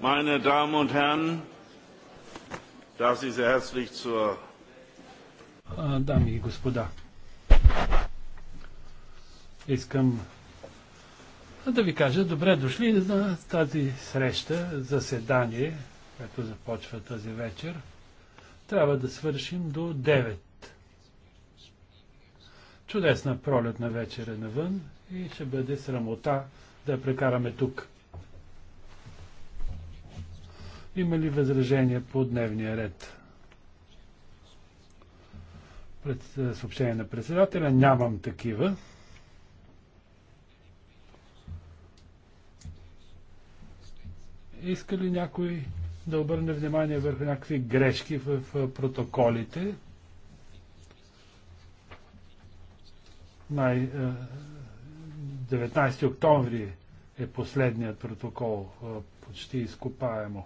Meine Damen und Herren, darf Sie sehr herzlich zur Дами и господа, искам да ви кажа добре дошли на тази среща, заседание, което започва тази вечер. Трябва да свършим до 9. Чудесна пролетна вечер е навън и ще бъде срамота да я прекараме тук. Има ли възражения по дневния ред? Пред е, съобщение на председателя нямам такива. Иска ли някой да обърне внимание върху някакви грешки в протоколите? Най, 19 е, октомври е последният протокол, е, почти изкопаемо.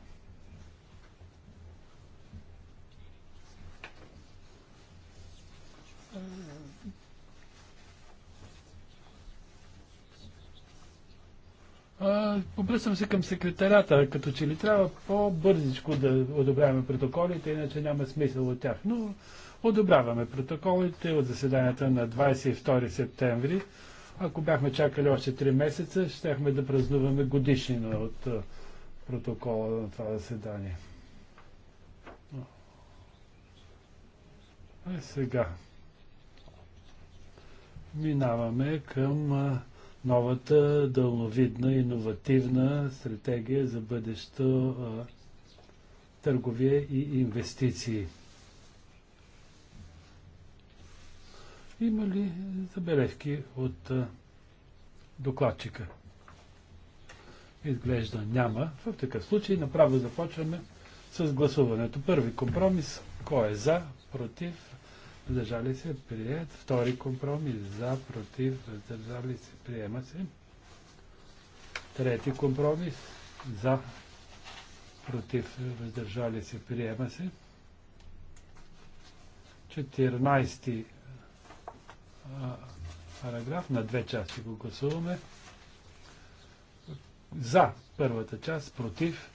Обръщам се към секретарята, като че ли трябва по-бързичко да одобряваме протоколите, иначе няма смисъл от тях. Но одобряваме протоколите от заседанията на 22 септември. Ако бяхме чакали още 3 месеца, щехме да празнуваме годишнина от протокола на това заседание. А сега минаваме към новата дълновидна, иновативна стратегия за бъдещо търговия и инвестиции. Има ли забележки от докладчика? Изглежда няма. В такъв случай направо започваме с гласуването. Първи компромис. Кой е за? Против? въздържали се, прият. Втори компромис за, против, въздържали се, приема се. Трети компромис за, против, въздържали се, приема се. 14 параграф на две части го гласуваме. За първата част, против,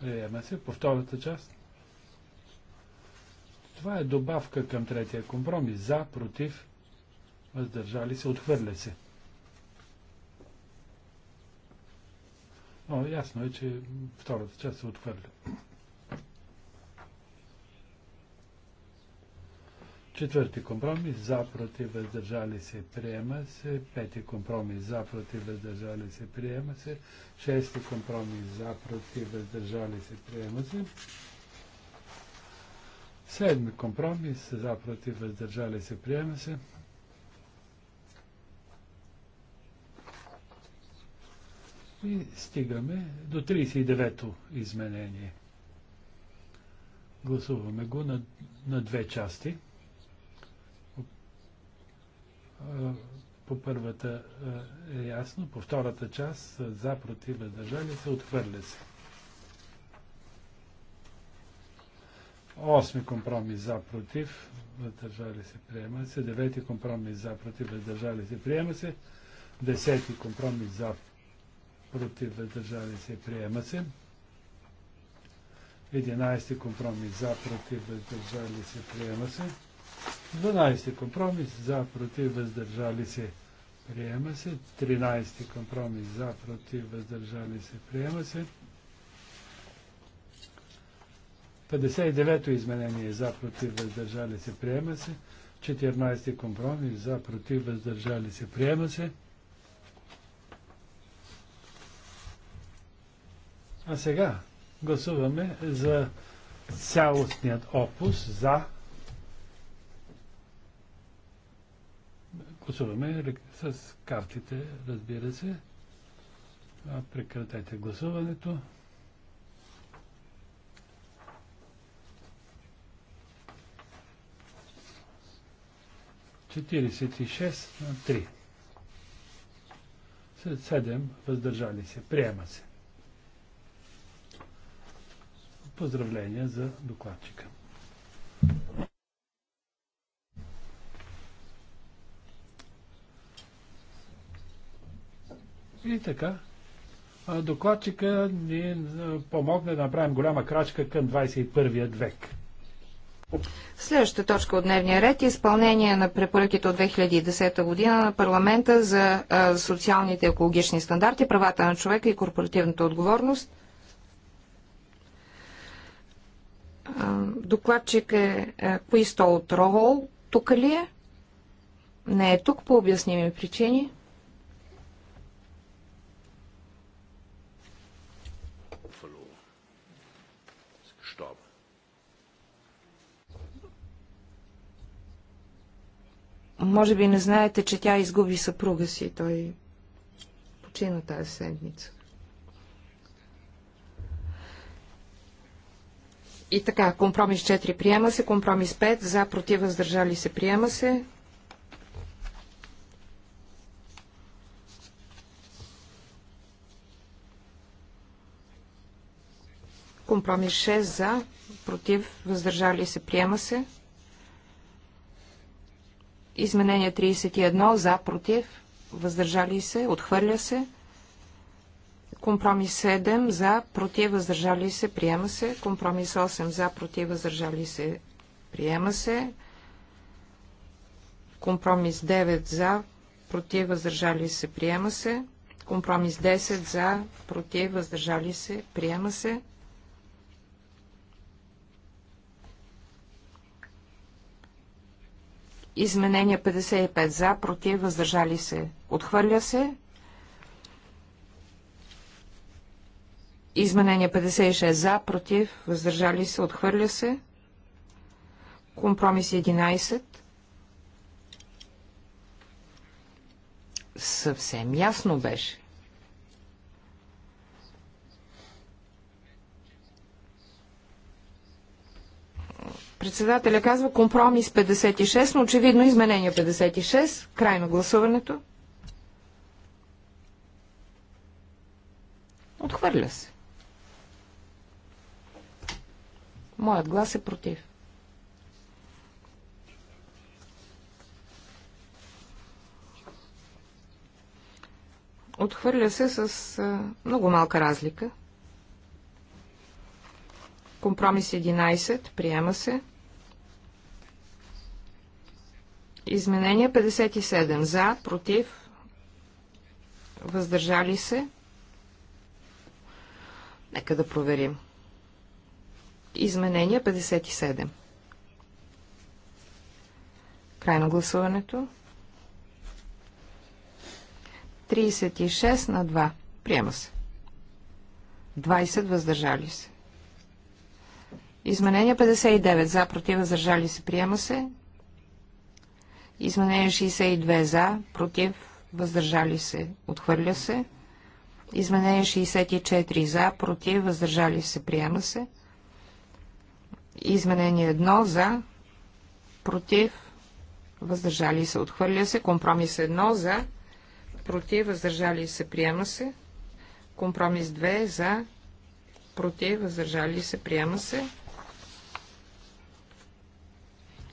приема се. По втората част, това е добавка към третия компромис. За, против, въздържали се, отхвърля се. Но ясно е, че втората част се отхвърля. Четвърти компромис за против въздържали се приема се. Пети компромис за против въздържали се приема се. Шести компромис за против въздържали се приема се. Седми компромис за против въздържали се приема се. И стигаме до 39-то изменение. Гласуваме го на, на две части. По първата е, е ясно, по втората част за против въздържали се отхвърля се. Осми компромис за против, въздържали се, приема се. Девети компромис за против, въздържали се, приема се. Десети компромис за против, въздържали се, приема се. Единайсти компромис за против, въздържали се, приема се. Дванайсти компромис за против, въздържали се, приема се. Тринайсти компромис за против, въздържали се, приема се. 59-то изменение е за против въздържали се приема се. 14-ти компромис за против въздържали се приема се. А сега гласуваме за цялостният опус за гласуваме с картите, разбира се. Прекратете гласуването. 46 на 3. След 7 въздържали се. Приема се. Поздравления за докладчика. И така, докладчика ни помогна да направим голяма крачка към 21 век. Следващата точка от дневния ред е изпълнение на препоръките от 2010 година на парламента за социалните и екологични стандарти, правата на човека и корпоративната отговорност. Докладчик е, е Куистол Трохол. Тук ли е? Не е тук по обясними причини. Може би не знаете, че тя изгуби съпруга си. Той почина тази седмица. И така, компромис 4 приема се, компромис 5 за, против, въздържали се, приема се. Компромис 6 за, против, въздържали се, приема се. Изменение 31 за, против, въздържали се, отхвърля се. Компромис 7 за, против, въздържали се, приема се. Компромис 8 за, против, въздържали се, приема се. Компромис 9 за, против, въздържали се, приема се. Компромис 10 за, против, въздържали се, приема се. Изменение 55 за, против, въздържали се, отхвърля се. Изменение 56 за, против, въздържали се, отхвърля се. Компромис 11. Съвсем ясно беше. Председателя казва компромис 56, но очевидно изменение 56. Край на гласуването. Отхвърля се. Моят глас е против. Отхвърля се с много малка разлика. Компромис 11. Приема се. Изменение 57. За, против, въздържали се. Нека да проверим. Изменение 57. Край на гласуването. 36 на 2. Приема се. 20 въздържали се. Изменение 59. За, против, въздържали се. Приема се. Изменение 62 за, против, въздържали се, отхвърля се. Изменение 64 за, против, въздържали се, приема се. Изменение 1 за, против, въздържали се, отхвърля се. Компромис 1 за, против, въздържали се, приема се. Компромис 2 за, против, въздържали се, приема се.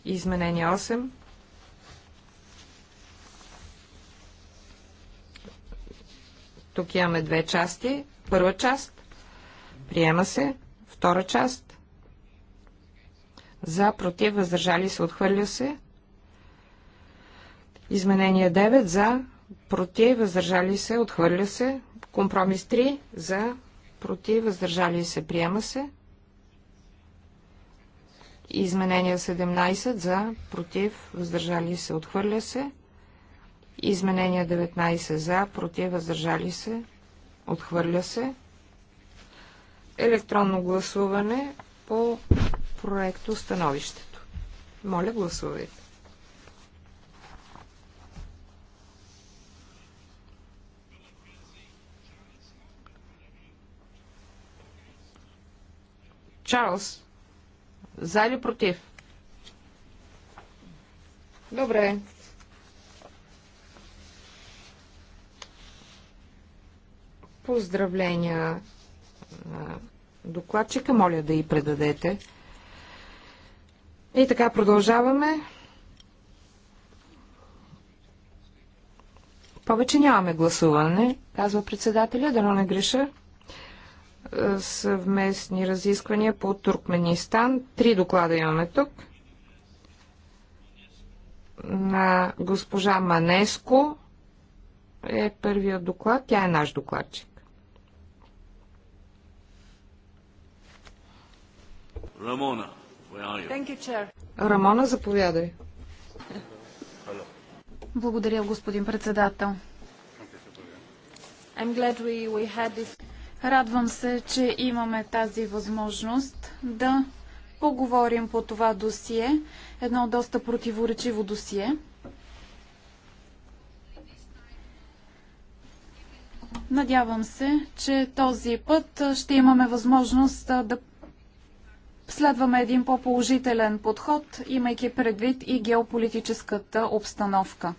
Изменение 8 Тук имаме две части. Първа част. Приема се. Втора част. За, против, въздържали се, отхвърля се. Изменение 9. За, против, въздържали се, отхвърля се. Компромис 3. За, против, въздържали се, приема се. Изменение 17. За, против, въздържали се, отхвърля се. Изменение 19 за, против, въздържали се, отхвърля се. Електронно гласуване по проекто становището. Моля, гласувайте. Чарлз, за или против? Добре, Поздравления на докладчика. Моля да и предадете. И така продължаваме. Повече нямаме гласуване, казва председателя, да не греша. Е, съвместни разисквания по Туркменистан. Три доклада имаме тук. На госпожа Манеско е първият доклад. Тя е наш докладчик. Рамона, Рамона, заповядай. Благодаря, господин председател. We, we this... Радвам се, че имаме тази възможност да поговорим по това досие, едно доста противоречиво досие. Надявам се, че този път ще имаме възможност да Следваме един по-положителен подход, имайки предвид и геополитическата обстановка.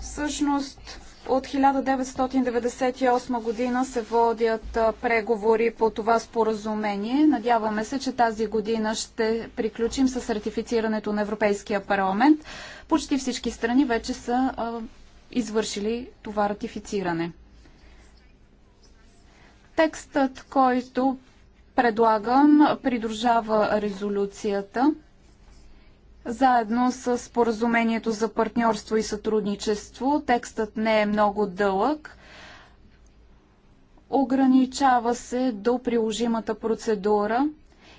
Всъщност, от 1998 година се водят преговори по това споразумение. Надяваме се, че тази година ще приключим с ратифицирането на Европейския парламент. Почти всички страни вече са извършили това ратифициране. Текстът, който предлагам, придружава резолюцията заедно с споразумението за партньорство и сътрудничество. Текстът не е много дълъг. Ограничава се до приложимата процедура.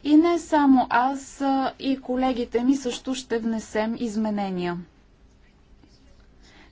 И не само аз, и колегите ми също ще внесем изменения.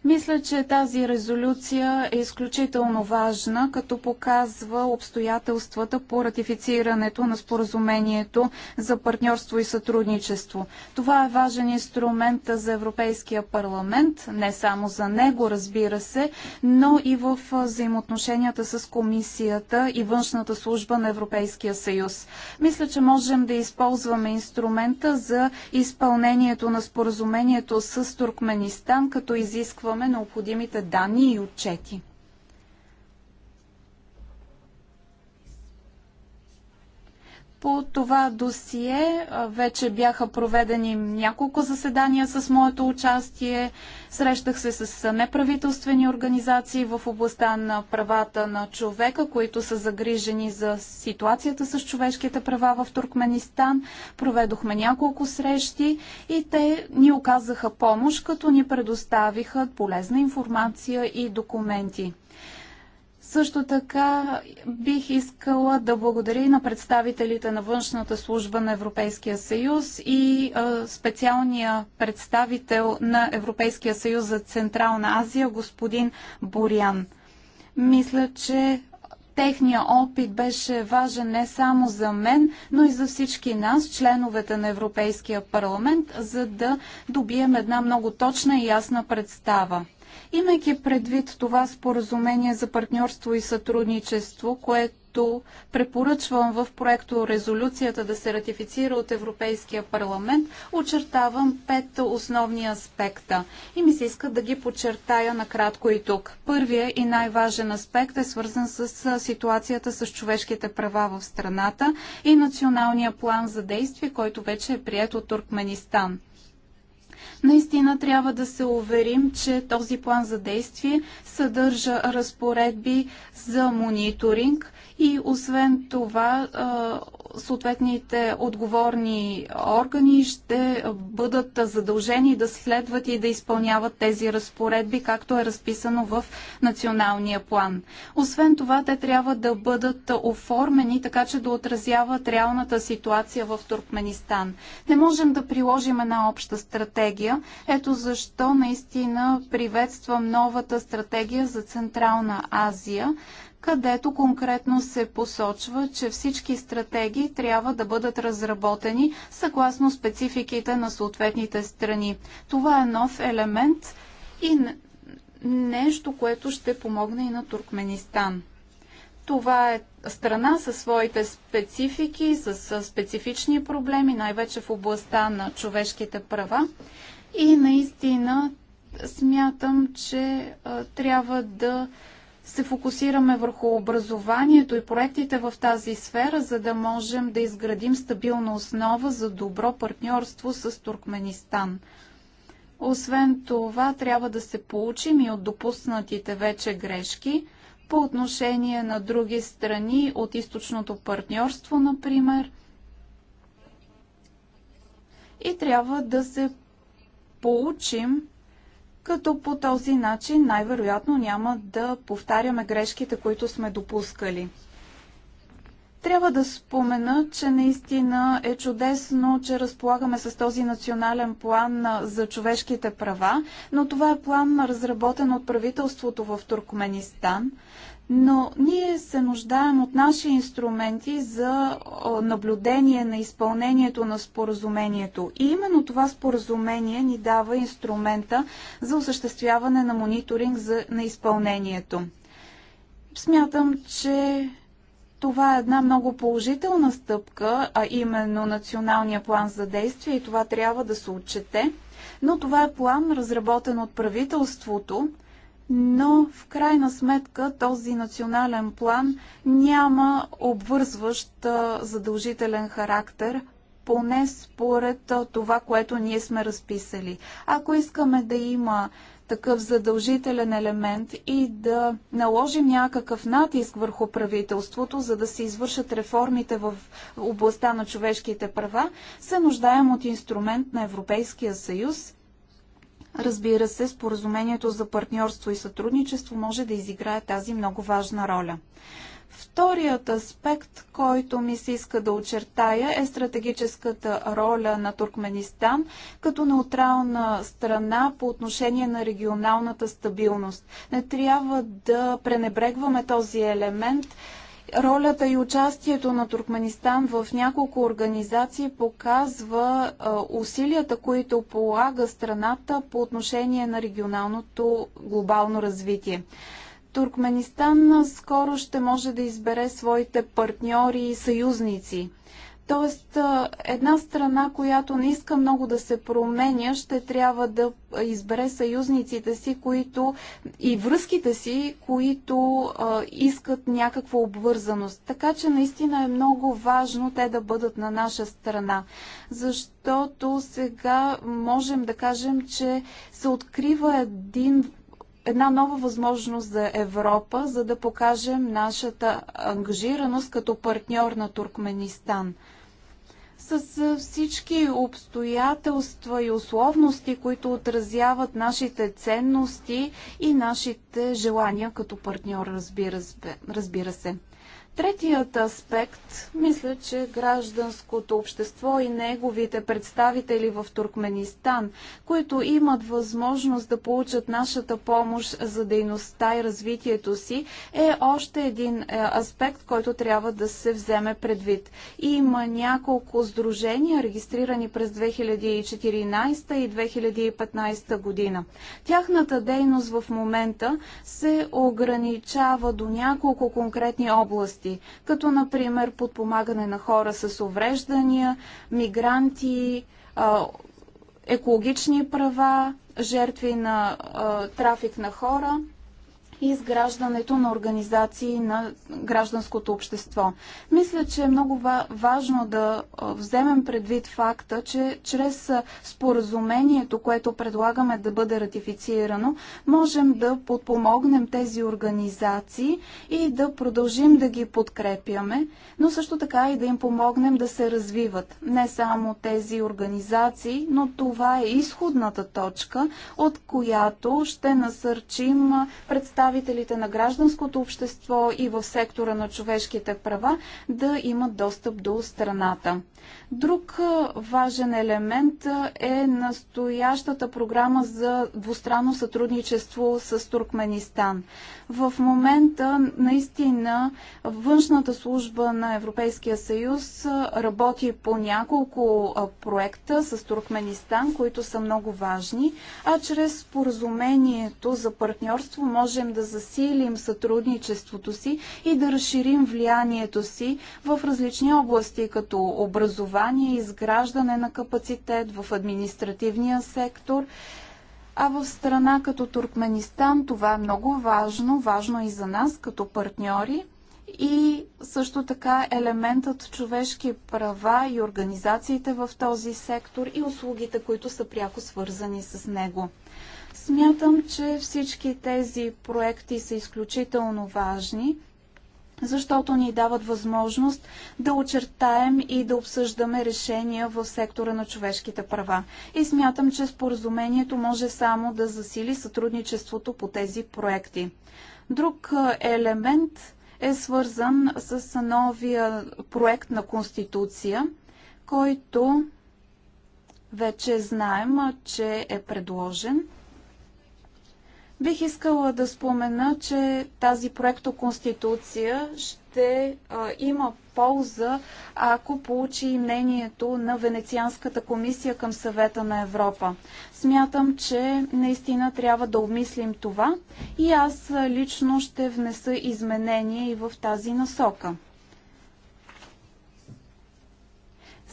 Мисля, че тази резолюция е изключително важна, като показва обстоятелствата по ратифицирането на споразумението за партньорство и сътрудничество. Това е важен инструмент за Европейския парламент, не само за него, разбира се, но и в взаимоотношенията с комисията и външната служба на Европейския съюз. Мисля, че можем да използваме инструмента за изпълнението на споразумението с Туркменистан, като изискваме получаваме необходимите данни и отчети. По това досие вече бяха проведени няколко заседания с моето участие. Срещах се с неправителствени организации в областта на правата на човека, които са загрижени за ситуацията с човешките права в Туркменистан. Проведохме няколко срещи и те ни оказаха помощ, като ни предоставиха полезна информация и документи. Също така бих искала да благодаря и на представителите на външната служба на Европейския съюз и специалния представител на Европейския съюз за Централна Азия, господин Борян. Мисля, че Техният опит беше важен не само за мен, но и за всички нас, членовете на Европейския парламент, за да добием една много точна и ясна представа. Имайки предвид това споразумение за партньорство и сътрудничество, което препоръчвам в проекто резолюцията да се ратифицира от Европейския парламент, очертавам пет основни аспекта и ми се иска да ги подчертая накратко и тук. Първия и най-важен аспект е свързан с ситуацията с човешките права в страната и националния план за действие, който вече е прият от Туркменистан. Наистина трябва да се уверим, че този план за действие съдържа разпоредби за мониторинг и освен това съответните отговорни органи ще бъдат задължени да следват и да изпълняват тези разпоредби, както е разписано в националния план. Освен това, те трябва да бъдат оформени така, че да отразяват реалната ситуация в Туркменистан. Не можем да приложим една обща стратегия. Ето защо наистина приветствам новата стратегия за Централна Азия, където конкретно се посочва, че всички стратегии трябва да бъдат разработени съгласно спецификите на съответните страни. Това е нов елемент и нещо, което ще помогне и на Туркменистан. Това е страна със своите специфики, с специфични проблеми, най-вече в областта на човешките права. И наистина смятам, че а, трябва да се фокусираме върху образованието и проектите в тази сфера, за да можем да изградим стабилна основа за добро партньорство с Туркменистан. Освен това, трябва да се получим и от допуснатите вече грешки по отношение на други страни от източното партньорство, например. И трябва да се получим като по този начин най-вероятно няма да повтаряме грешките, които сме допускали. Трябва да спомена, че наистина е чудесно, че разполагаме с този национален план за човешките права, но това е план разработен от правителството в Туркменистан но ние се нуждаем от наши инструменти за наблюдение на изпълнението на споразумението. И именно това споразумение ни дава инструмента за осъществяване на мониторинг за, на изпълнението. Смятам, че това е една много положителна стъпка, а именно националния план за действие и това трябва да се отчете. Но това е план, разработен от правителството, но в крайна сметка този национален план няма обвързващ задължителен характер, поне според това, което ние сме разписали. Ако искаме да има такъв задължителен елемент и да наложим някакъв натиск върху правителството, за да се извършат реформите в областта на човешките права, се нуждаем от инструмент на Европейския съюз, Разбира се, споразумението за партньорство и сътрудничество може да изиграе тази много важна роля. Вторият аспект, който ми се иска да очертая е стратегическата роля на Туркменистан като неутрална страна по отношение на регионалната стабилност. Не трябва да пренебрегваме този елемент Ролята и участието на Туркменистан в няколко организации показва усилията, които полага страната по отношение на регионалното глобално развитие. Туркменистан скоро ще може да избере своите партньори и съюзници. Тоест, една страна, която не иска много да се променя, ще трябва да избере съюзниците си, които и връзките си, които а, искат някаква обвързаност. Така че наистина е много важно те да бъдат на наша страна, защото сега можем да кажем, че се открива един една нова възможност за Европа, за да покажем нашата ангажираност като партньор на Туркменистан с всички обстоятелства и условности, които отразяват нашите ценности и нашите желания като партньор, разбира, се. Третият аспект, мисля, че гражданското общество и неговите представители в Туркменистан, които имат възможност да получат нашата помощ за дейността и развитието си, е още един е, аспект, който трябва да се вземе предвид. Има няколко сдружения, регистрирани през 2014 и 2015 година. Тяхната дейност в момента се ограничава до няколко конкретни области дейности, като например подпомагане на хора с увреждания, мигранти, екологични права, жертви на трафик на хора – и изграждането на организации на гражданското общество. Мисля, че е много важно да вземем предвид факта, че чрез споразумението, което предлагаме да бъде ратифицирано, можем да подпомогнем тези организации и да продължим да ги подкрепяме, но също така и да им помогнем да се развиват. Не само тези организации, но това е изходната точка, от която ще насърчим представителите представителите на гражданското общество и в сектора на човешките права да имат достъп до страната. Друг важен елемент е настоящата програма за двустранно сътрудничество с Туркменистан. В момента наистина външната служба на Европейския съюз работи по няколко проекта с Туркменистан, които са много важни, а чрез споразумението за партньорство можем да засилим сътрудничеството си и да разширим влиянието си в различни области, като образование образование, изграждане на капацитет в административния сектор. А в страна като Туркменистан това е много важно, важно и за нас като партньори. И също така елементът човешки права и организациите в този сектор и услугите, които са пряко свързани с него. Смятам, че всички тези проекти са изключително важни защото ни дават възможност да очертаем и да обсъждаме решения в сектора на човешките права. И смятам, че споразумението може само да засили сътрудничеството по тези проекти. Друг елемент е свързан с новия проект на Конституция, който вече знаем, че е предложен – Бих искала да спомена, че тази проектоконституция ще а, има полза, ако получи мнението на Венецианската комисия към съвета на Европа. Смятам, че наистина трябва да обмислим това и аз лично ще внеса изменения и в тази насока.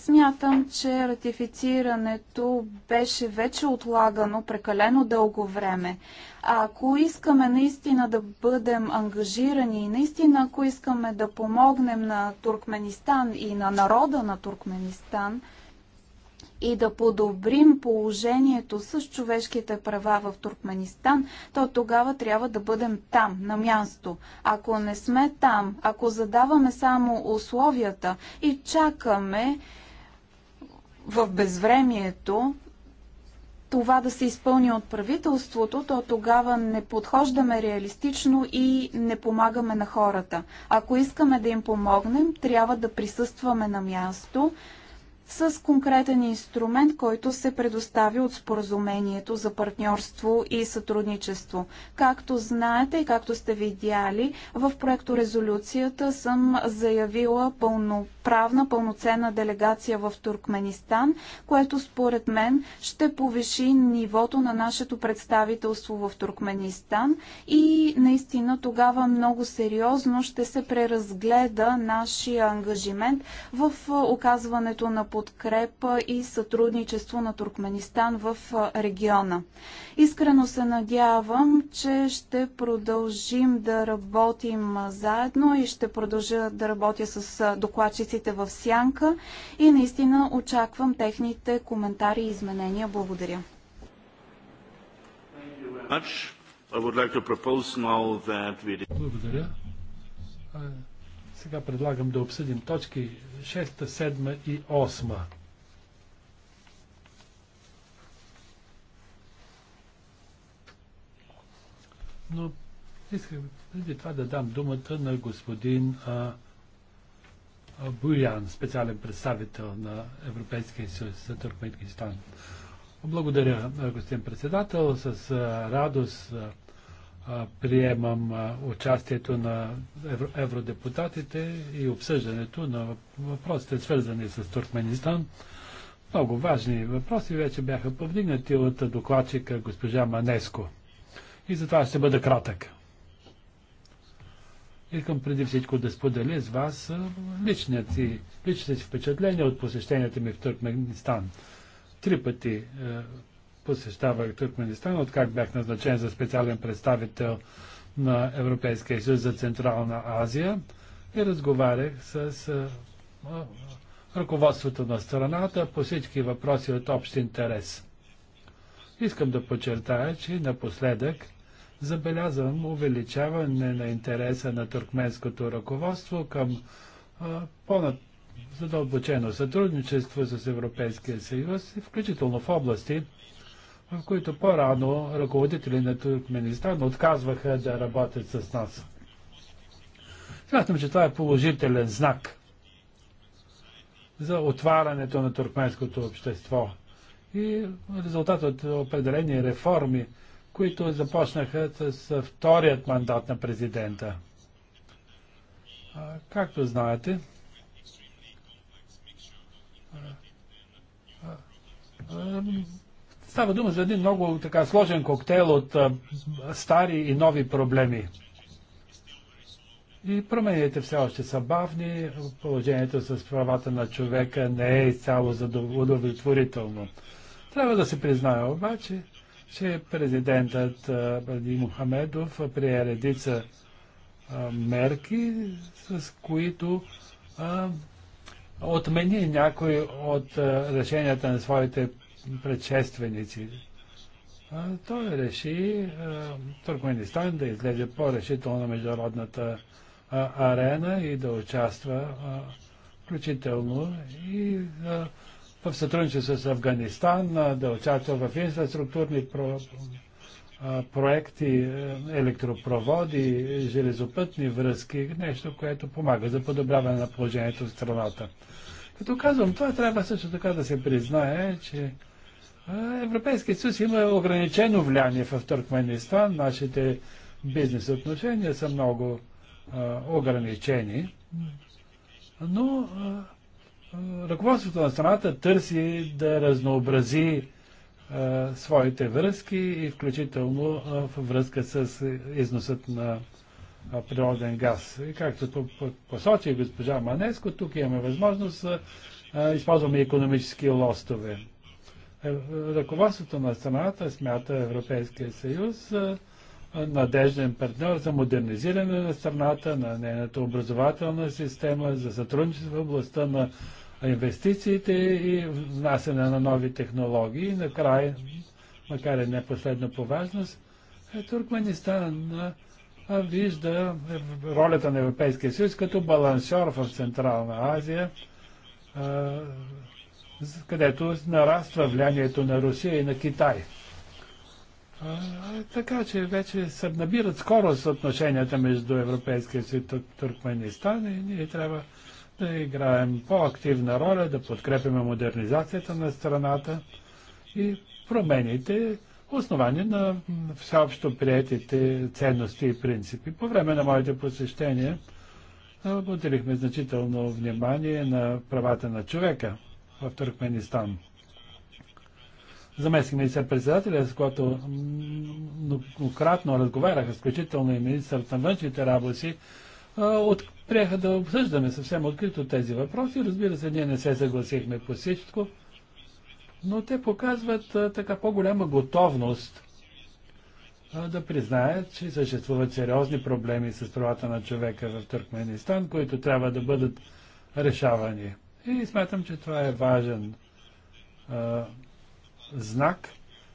Смятам, че ратифицирането беше вече отлагано прекалено дълго време. А ако искаме наистина да бъдем ангажирани и наистина ако искаме да помогнем на Туркменистан и на народа на Туркменистан, и да подобрим положението с човешките права в Туркменистан, то тогава трябва да бъдем там, на място. Ако не сме там, ако задаваме само условията и чакаме в безвремието това да се изпълни от правителството, то тогава не подхождаме реалистично и не помагаме на хората. Ако искаме да им помогнем, трябва да присъстваме на място, с конкретен инструмент, който се предостави от споразумението за партньорство и сътрудничество. Както знаете и както сте видяли, в проекто резолюцията съм заявила пълноправна, пълноценна делегация в Туркменистан, което според мен ще повиши нивото на нашето представителство в Туркменистан и наистина тогава много сериозно ще се преразгледа нашия ангажимент в оказването на подпомагане подкрепа и сътрудничество на Туркменистан в региона. Искрено се надявам, че ще продължим да работим заедно и ще продължа да работя с докладчиците в Сянка и наистина очаквам техните коментари и изменения. Благодаря. Благодаря. Сега предлагам да обсъдим точки 6, 7 и 8. Но исках преди това да дам думата на господин а, а, Буян, специален представител на Европейския съюз за Туркменкистан. Благодаря, господин председател. С а, радост а, приемам участието на евродепутатите и обсъждането на въпросите, свързани с Туркменистан. Много важни въпроси вече бяха повдигнати от докладчика госпожа Манеско. И затова ще бъда кратък. Искам преди всичко да споделя с вас личният си, личните си впечатления от посещенията ми в Туркменистан. Три пъти посещавах Туркменистан, от как бях назначен за специален представител на Европейския съюз за Централна Азия и разговарях с ръководството на страната по всички въпроси от общ интерес. Искам да подчертая, че напоследък забелязвам увеличаване на интереса на туркменското ръководство към по-задълбочено сътрудничество с Европейския съюз, включително в области, в които по-рано ръководители на Туркменистан отказваха да работят с нас. Смятам, че това е положителен знак за отварянето на туркменското общество и резултат от определени реформи, които започнаха с вторият мандат на президента. Както знаете, Става дума за един много така сложен коктейл от а, стари и нови проблеми. И промените все още са бавни, положението с правата на човека не е изцяло удовлетворително. Трябва да се признае обаче, че президентът Бади Мухамедов прие редица а, мерки, с които а, отмени някои от решенията на своите предшественици. А, той реши а, Туркменистан да излезе по-решително на международната а, арена и да участва включително и в сътрудничество с Афганистан, да участва в инфраструктурни про, проекти, електропроводи, железопътни връзки, нещо, което помага за подобряване на положението в страната. Като казвам това, трябва също така да се признае, че Европейския съюз има ограничено влияние в Туркменистан. Нашите бизнес отношения са много а, ограничени. Но а, ръководството на страната търси да разнообрази а, своите връзки и включително а, връзка с износът на природен газ. И както посочи госпожа Манеско, тук имаме възможност да използваме економически лостове. Е, ръководството на страната смята Европейския съюз е, надежден партньор за модернизиране на страната, на нейната образователна система, за сътрудничество в областта на инвестициите и внасяне на нови технологии. Накрая, макар и не последно по важност, е, Туркменистан вижда ролята на Европейския съюз като балансьор в Централна Азия където нараства влиянието на Русия и на Китай. така че вече се набират скорост отношенията между Европейския съюз и Туркменистан и ние трябва да играем по-активна роля, да подкрепим модернизацията на страната и промените, основани на всеобщо приятите ценности и принципи. По време на моите посещения отделихме значително внимание на правата на човека в Туркменистан. Заместник министър-председателя, с който многократно разговарях, включително и министър на външните работи, приеха да обсъждаме съвсем открито тези въпроси. Разбира се, ние не се съгласихме по всичко, но те показват така по-голяма готовност да признаят, че съществуват сериозни проблеми с правата на човека в Туркменистан, които трябва да бъдат решавани. И смятам, че това е важен а, знак,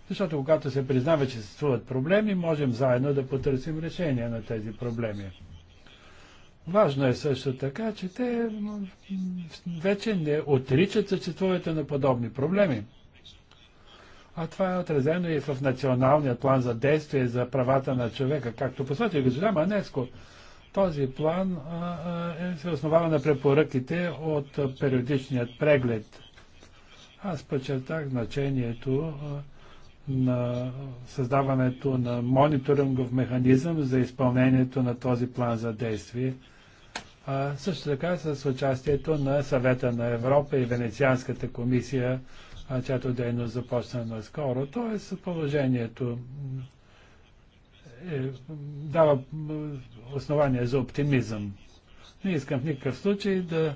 защото когато се признава, че съществуват проблеми, можем заедно да потърсим решение на тези проблеми. Важно е също така, че те вече не отричат съществуването на подобни проблеми. А това е отразено и в Националния план за действие за правата на човека, както посочи госпожа Манеско. Този план е, се основава на препоръките от периодичният преглед. Аз подчертах значението на създаването на мониторингов механизъм за изпълнението на този план за действие. А, също така с участието на Съвета на Европа и Венецианската комисия, а, чиято дейност започна наскоро. Тоест положението е, дава е, основание за оптимизъм. Не искам в никакъв случай да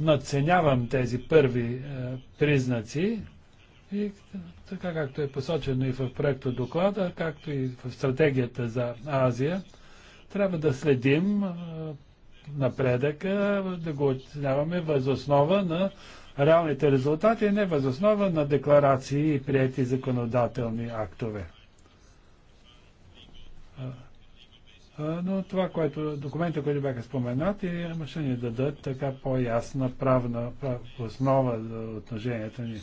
надценявам тези първи е, признаци и така както е посочено и в проекта доклада, както и в стратегията за Азия, трябва да следим е, напредъка, да го оценяваме възоснова на реалните резултати, не възоснова на декларации и прияти законодателни актове. Но това, което, документа, които бяха споменати, имаше ни дадат така по-ясна правна прав, основа за отношенията ни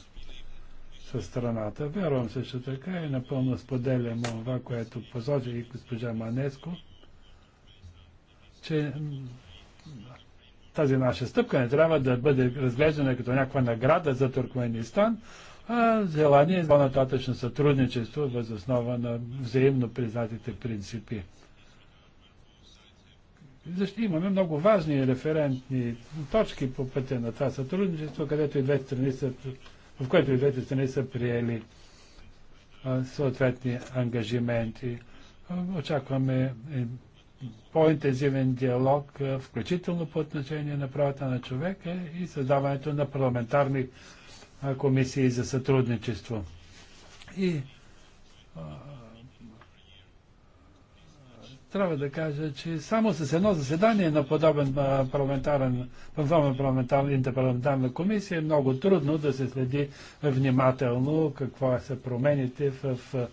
с страната. Вярвам също така и напълно споделям това, което посочи и госпожа Манеско, че тази наша стъпка не трябва да бъде разглеждана като някаква награда за Туркменистан, а желание за по-нататъчно сътрудничество въз основа на взаимно признатите принципи. Защо имаме много важни референтни точки по пътя на това сътрудничество, където и двете страни са, в което и двете страни са приели а, съответни ангажименти. Очакваме е, по-интензивен диалог, включително по отношение на правата на човека и създаването на парламентарни комисии за сътрудничество. И трябва да кажа, че само с едно заседание на подобен парламентарен, подобен парламентарен, интерпарламентарна комисия е много трудно да се следи внимателно какво са промените в, в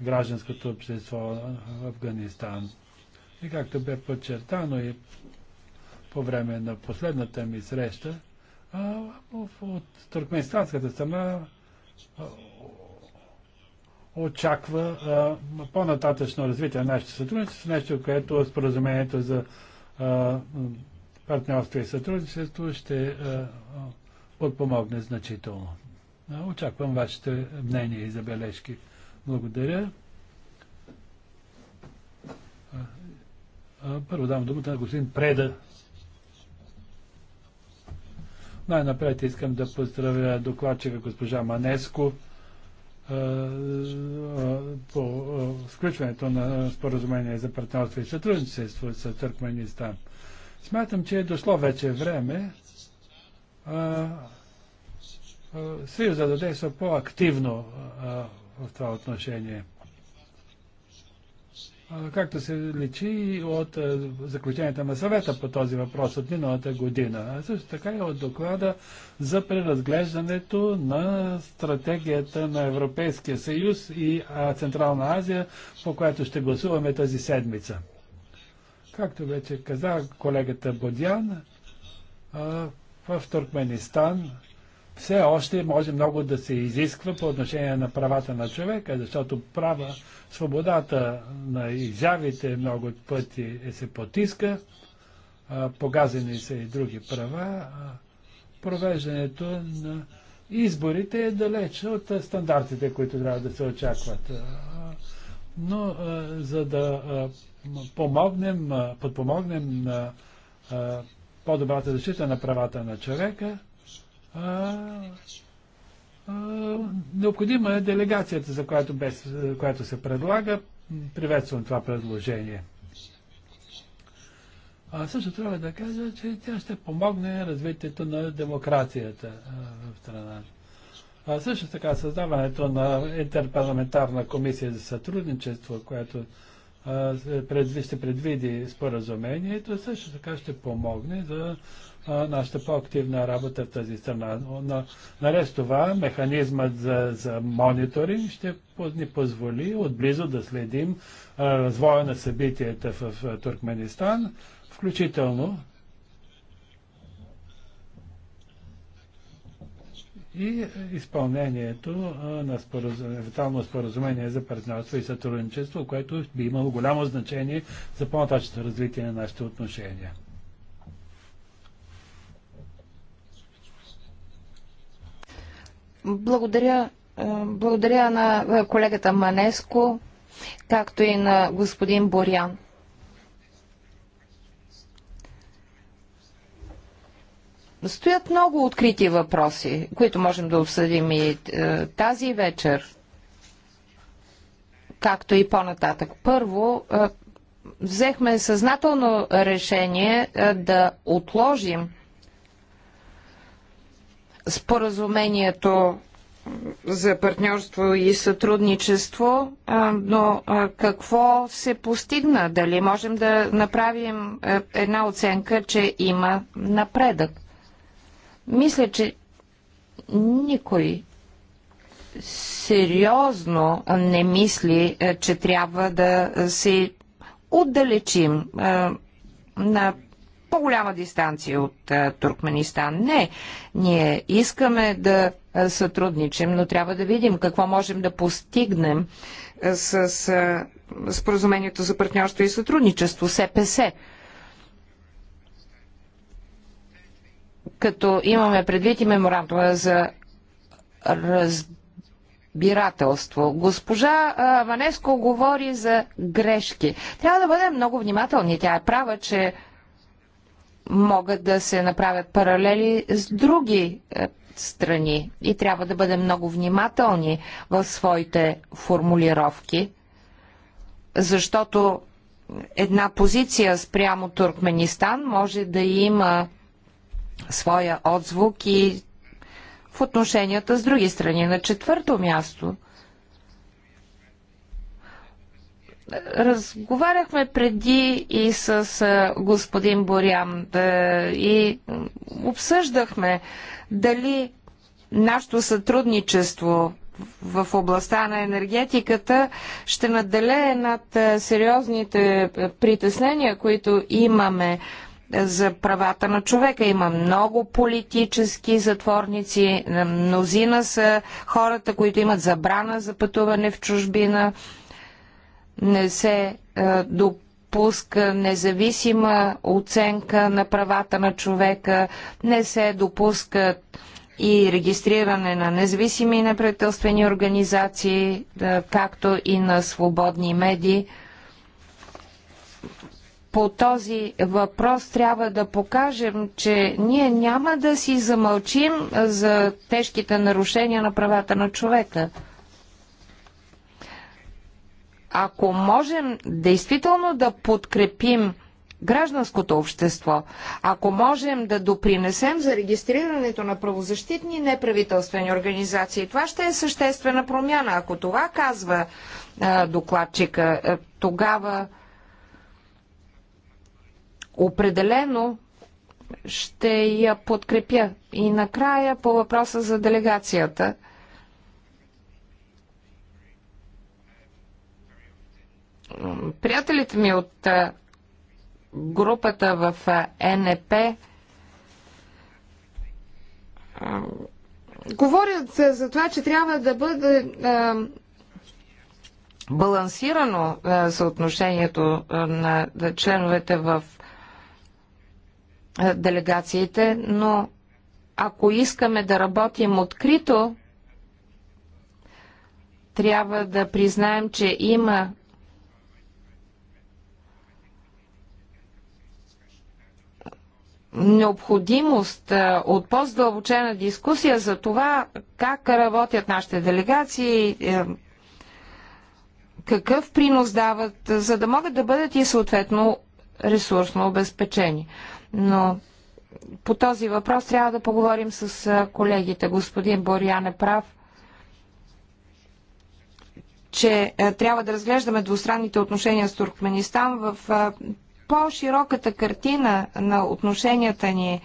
гражданското общество в Афганистан. И както бе подчертано и по време на последната ми среща, от туркменстанската страна очаква по-нататъчно развитие на нашето сътрудничество, нещо, което споразумението за а, партньорство и сътрудничество ще а, подпомогне значително. Очаквам вашите мнения и забележки. Благодаря. Първо дам думата на господин Преда. Най-напред искам да поздравя докладчика госпожа Манеско по сключването на споразумение за партньорство и сътрудничество с Търкменистан. Смятам, че е дошло вече време Съюза да действа по-активно в това отношение както се лечи от заключенията на съвета по този въпрос от миналата година, а също така и от доклада за преразглеждането на стратегията на Европейския съюз и Централна Азия, по която ще гласуваме тази седмица. Както вече каза колегата Бодян, в Туркменистан все още може много да се изисква по отношение на правата на човека, защото права, свободата на изявите много пъти е се потиска, погазени са и други права. Провеждането на изборите е далеч от стандартите, които трябва да се очакват. Но за да помогнем, подпомогнем на по-добрата защита на правата на човека, необходима е делегацията, за която, без, която се предлага. Приветствам това предложение. А също трябва да кажа, че тя ще помогне развитието на демокрацията в страната. А също така създаването на интерпарламентарна комисия за сътрудничество, която ще предвиди споразумението, също така ще помогне за нашата по-активна работа в тази страна. Но, наред с това, механизмът за, за мониторинг ще ни позволи отблизо да следим а, развоя на събитията в, в Туркменистан, включително и изпълнението на споразум... евентуално споразумение за партньорство и сътрудничество, което би имало голямо значение за по-нататъчното развитие на нашите отношения. Благодаря, е, благодаря на е, колегата Манеско, както и на господин Борян. Стоят много открити въпроси, които можем да обсъдим и е, тази вечер, както и по-нататък. Първо, взехме съзнателно решение да отложим споразумението за партньорство и сътрудничество, но какво се постигна? Дали можем да направим една оценка, че има напредък? Мисля, че никой сериозно не мисли, че трябва да се отдалечим на по-голяма дистанция от Туркменистан. Не, ние искаме да сътрудничим, но трябва да видим какво можем да постигнем с споразумението за партньорство и сътрудничество, СПС. Като имаме предвид и меморандума за разбирателство. Госпожа Манеско говори за грешки. Трябва да бъдем много внимателни. Тя е права, че могат да се направят паралели с други е, страни и трябва да бъдем много внимателни в своите формулировки, защото една позиция спрямо Туркменистан може да има своя отзвук и в отношенията с други страни. На четвърто място – Разговаряхме преди и с господин Борян да, и обсъждахме дали нашето сътрудничество в областта на енергетиката ще наделее над сериозните притеснения, които имаме за правата на човека. Има много политически затворници, мнозина са хората, които имат забрана за пътуване в чужбина не се е, допуска независима оценка на правата на човека, не се допускат и регистриране на независими неправителствени организации, е, както и на свободни медии. По този въпрос трябва да покажем, че ние няма да си замълчим е, за тежките нарушения на правата на човека ако можем действително да подкрепим гражданското общество, ако можем да допринесем за регистрирането на правозащитни и неправителствени организации, това ще е съществена промяна. Ако това казва а, докладчика, тогава определено ще я подкрепя. И накрая по въпроса за делегацията – приятелите ми от групата в НП говорят за това, че трябва да бъде балансирано съотношението на членовете в делегациите, но ако искаме да работим открито, трябва да признаем, че има необходимост от по-здълбочена дискусия за това как работят нашите делегации, е, какъв принос дават, за да могат да бъдат и съответно ресурсно обезпечени. Но по този въпрос трябва да поговорим с колегите. Господин Бориан е прав, че е, трябва да разглеждаме двустранните отношения с Туркменистан в по-широката картина на отношенията ни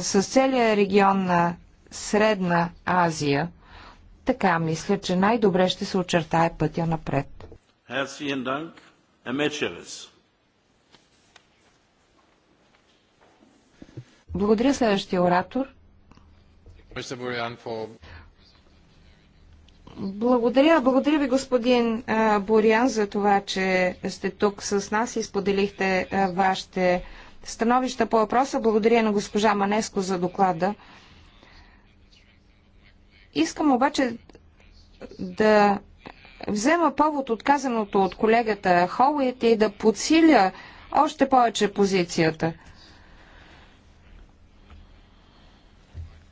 с целия регион на Средна Азия, така мисля, че най-добре ще се очертае пътя напред. Благодаря следващия оратор. Благодаря, благодаря ви, господин Бориан, за това, че сте тук с нас и споделихте вашите становища по въпроса. Благодаря на госпожа Манеско за доклада. Искам обаче да взема повод от казаното от колегата Холуит и да подсиля още повече позицията.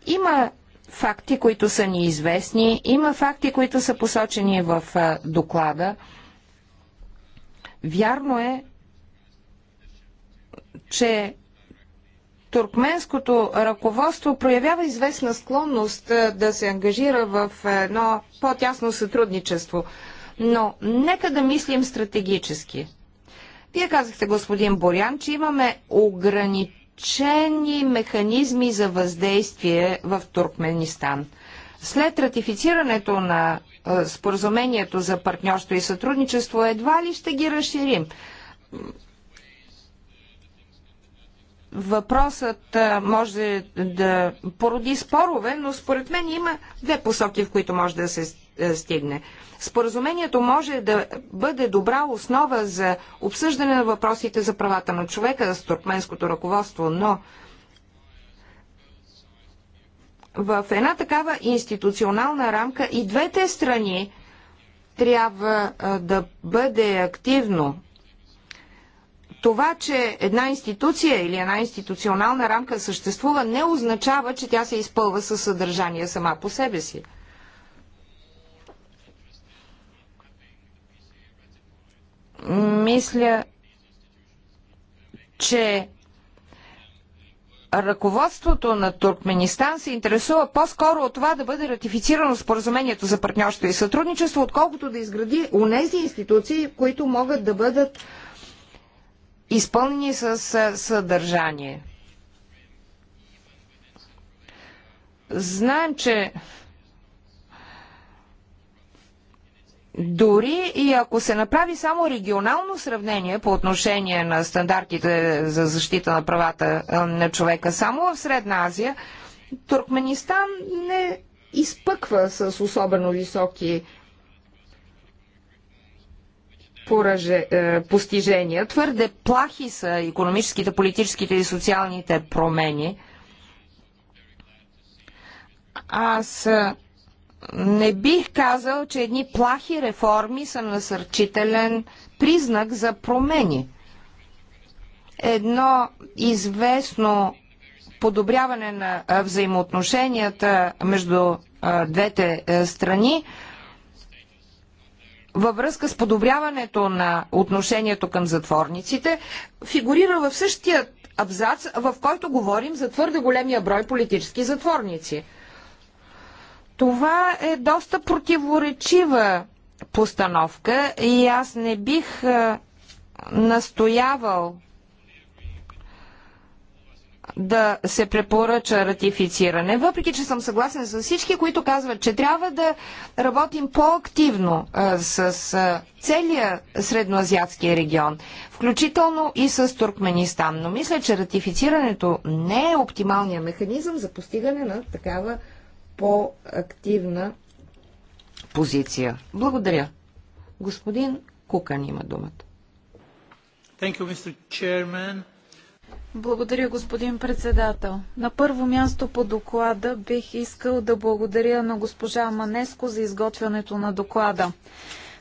Има факти, които са ни известни, има факти, които са посочени в доклада. Вярно е, че туркменското ръководство проявява известна склонност да се ангажира в едно по-тясно сътрудничество. Но нека да мислим стратегически. Вие казахте, господин Борян, че имаме ограничение облекчени механизми за въздействие в Туркменистан. След ратифицирането на споразумението за партньорство и сътрудничество, едва ли ще ги разширим. Въпросът може да породи спорове, но според мен има две посоки, в които може да се е, стигне. Споразумението може да бъде добра основа за обсъждане на въпросите за правата на човека с туркменското ръководство, но в една такава институционална рамка и двете страни трябва е, да бъде активно. Това, че една институция или една институционална рамка съществува, не означава, че тя се изпълва със съдържание сама по себе си. Мисля, че ръководството на Туркменистан се интересува по-скоро от това да бъде ратифицирано споразумението за партньорство и сътрудничество, отколкото да изгради унези институции, които могат да бъдат изпълнени с съдържание. Знаем, че Дори и ако се направи само регионално сравнение по отношение на стандартите за защита на правата на човека само в Средна Азия, Туркменистан не изпъква с особено високи поръже, е, постижения. Твърде плахи са економическите, политическите и социалните промени. Аз е, не бих казал, че едни плахи реформи са насърчителен признак за промени. Едно известно подобряване на взаимоотношенията между двете страни във връзка с подобряването на отношението към затворниците фигурира в същия абзац, в който говорим за твърде големия брой политически затворници – това е доста противоречива постановка и аз не бих настоявал да се препоръча ратифициране, въпреки че съм съгласен с всички, които казват, че трябва да работим по-активно с целия средноазиатски регион, включително и с Туркменистан. Но мисля, че ратифицирането не е оптималният механизъм за постигане на такава по-активна позиция. Благодаря. Господин Кукан има думата. Thank you, Mr. Chairman. Благодаря, господин председател. На първо място по доклада бих искал да благодаря на госпожа Манеско за изготвянето на доклада.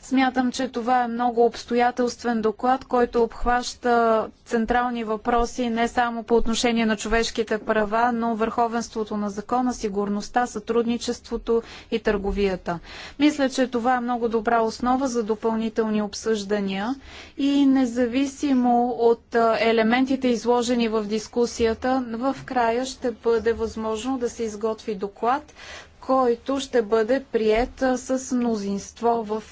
Смятам, че това е много обстоятелствен доклад, който обхваща централни въпроси не само по отношение на човешките права, но върховенството на закона, сигурността, сътрудничеството и търговията. Мисля, че това е много добра основа за допълнителни обсъждания и независимо от елементите изложени в дискусията, в края ще бъде възможно да се изготви доклад, който ще бъде прият с мнозинство в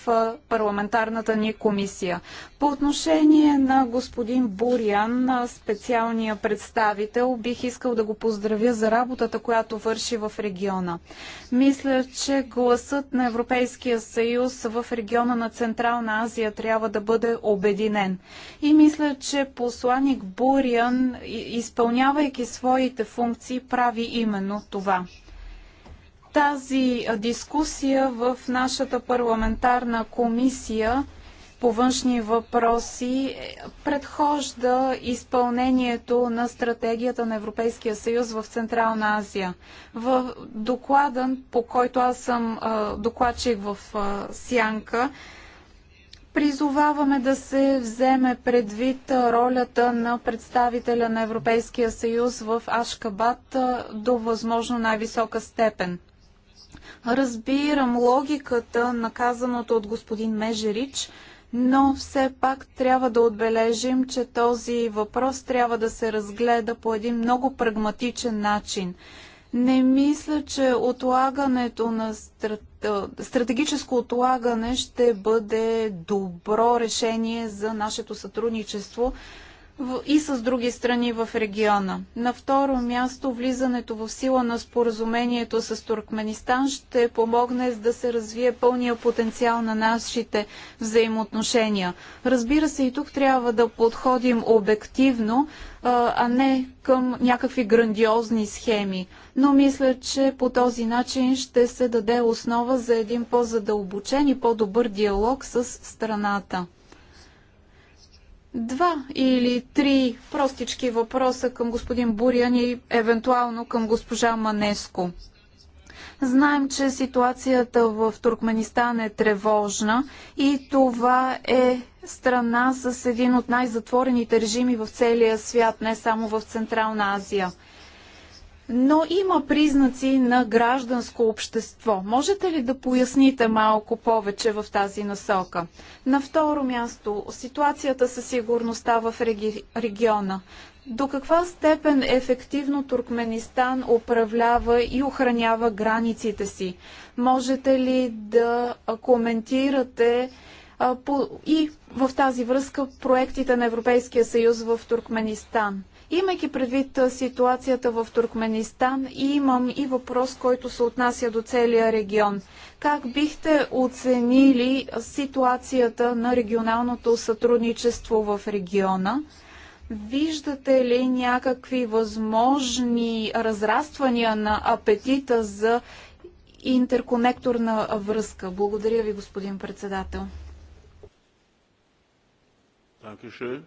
парламентарната ни комисия. По отношение на господин Бурян, специалния представител, бих искал да го поздравя за работата, която върши в региона. Мисля, че гласът на Европейския съюз в региона на Централна Азия трябва да бъде обединен. И мисля, че посланик Бурян, изпълнявайки своите функции, прави именно това тази дискусия в нашата парламентарна комисия по външни въпроси е, предхожда изпълнението на стратегията на Европейския съюз в Централна Азия. В доклада, по който аз съм докладчик в Сянка, призоваваме да се вземе предвид ролята на представителя на Европейския съюз в Ашкабад до възможно най-висока степен. Разбирам логиката на казаното от господин Межерич, но все пак трябва да отбележим, че този въпрос трябва да се разгледа по един много прагматичен начин. Не мисля, че отлагането на стратегическо отлагане ще бъде добро решение за нашето сътрудничество и с други страни в региона. На второ място, влизането в сила на споразумението с Туркменистан ще помогне да се развие пълния потенциал на нашите взаимоотношения. Разбира се, и тук трябва да подходим обективно, а не към някакви грандиозни схеми. Но мисля, че по този начин ще се даде основа за един по-задълбочен и по-добър диалог с страната два или три простички въпроса към господин Буриан и евентуално към госпожа Манеско. Знаем, че ситуацията в Туркменистан е тревожна и това е страна с един от най-затворените режими в целия свят, не само в Централна Азия – но има признаци на гражданско общество. Можете ли да поясните малко повече в тази насока? На второ място, ситуацията със сигурността в реги... региона. До каква степен ефективно Туркменистан управлява и охранява границите си? Можете ли да коментирате а, по... и в тази връзка проектите на Европейския съюз в Туркменистан? Имайки предвид ситуацията в Туркменистан, имам и въпрос, който се отнася до целия регион. Как бихте оценили ситуацията на регионалното сътрудничество в региона? Виждате ли някакви възможни разраствания на апетита за интерконекторна връзка? Благодаря ви, господин председател. Dankeschön.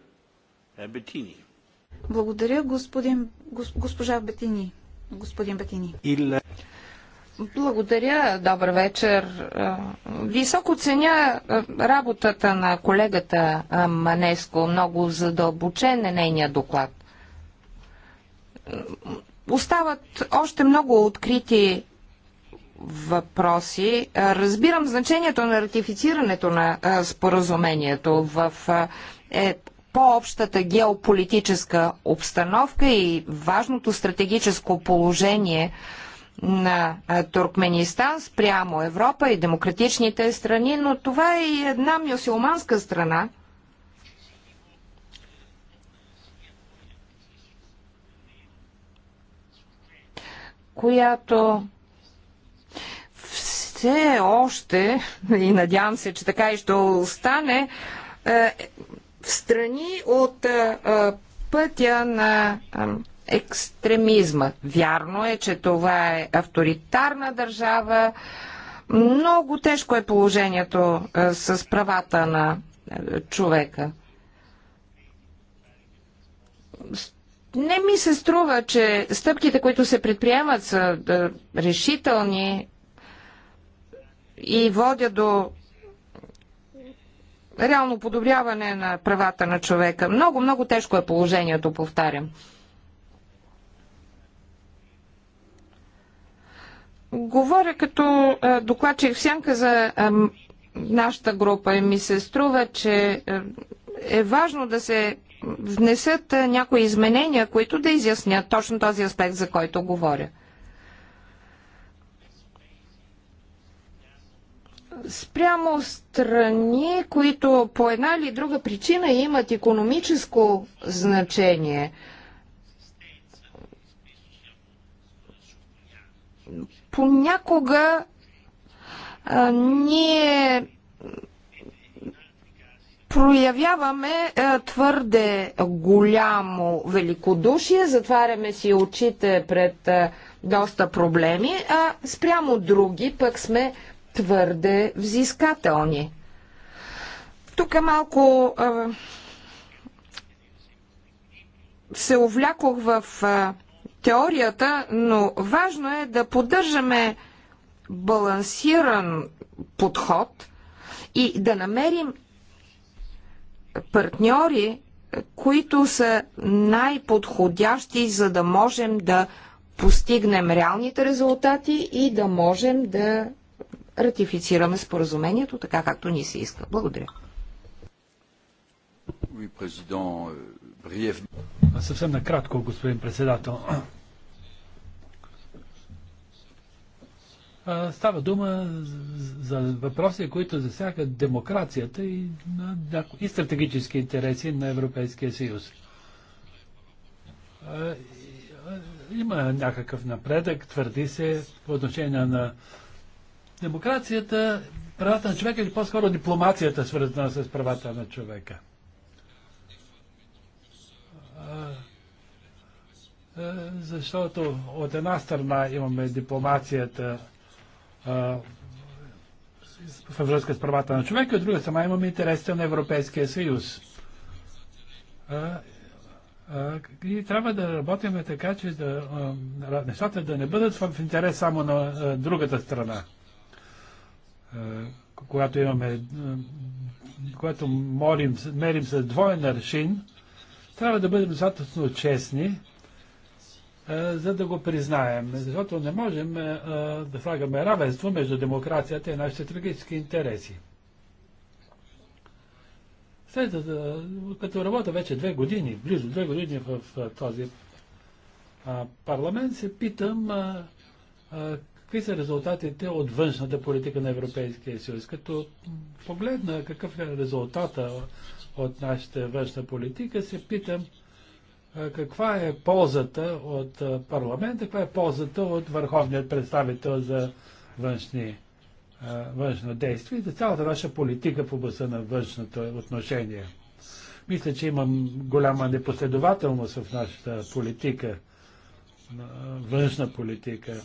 Herr Bettini. Благодаря, господин, госпожа Бетини. Господин Бетини. Благодаря, добър вечер. Е, високо ценя е, работата на колегата е, Манеско, много задълбочен е нейният доклад. Остават още много открити въпроси. Разбирам значението на ратифицирането на споразумението в по-общата геополитическа обстановка и важното стратегическо положение на Туркменистан спрямо Европа и демократичните страни, но това е и една мюсюлманска страна. която все още, и надявам се, че така и ще остане, е, в страни от а, пътя на а, екстремизма. Вярно е, че това е авторитарна държава. Много тежко е положението а, с правата на а, човека. Не ми се струва, че стъпките, които се предприемат, са решителни и водят до реално подобряване на правата на човека. Много, много тежко е положението, повтарям. Говоря като докладчик в сянка за нашата група и ми се струва, че е важно да се внесат някои изменения, които да изяснят точно този аспект, за който говоря. спрямо страни, които по една или друга причина имат економическо значение. Понякога а, ние проявяваме а, твърде голямо великодушие, затваряме си очите пред а, доста проблеми, а спрямо други пък сме твърде взискателни. Тук малко а, се увлякох в а, теорията, но важно е да поддържаме балансиран подход и да намерим партньори, които са най-подходящи, за да можем да постигнем реалните резултати и да можем да ратифицираме споразумението така, както ни се иска. Благодаря. Euh, съвсем накратко, господин председател. Става дума за въпроси, които засягат демокрацията и, и стратегически интереси на Европейския съюз. Има някакъв напредък, твърди се, по отношение на демокрацията, правата на човека или по-скоро дипломацията свързана с правата на човека. Защото от една страна имаме дипломацията във връзка с правата на човека, от друга страна имаме интересите на Европейския съюз. И трябва да работим така, че да, нещата да не бъдат в интерес само на другата страна. Е, когато имаме, е, когато молим, мерим за двоен аршин, трябва да бъдем достатъчно честни, е, за да го признаем. Защото не можем да слагаме равенство между демокрацията и нашите стратегически интереси. След като работя вече две години, близо две години в този парламент, се питам какви са резултатите от външната политика на Европейския съюз. Като погледна какъв е резултата от нашата външна политика, се питам каква е ползата от парламента, каква е ползата от върховният представител за външни, външно действие и за цялата наша политика в областта на външното отношение. Мисля, че имам голяма непоследователност в нашата политика, външна политика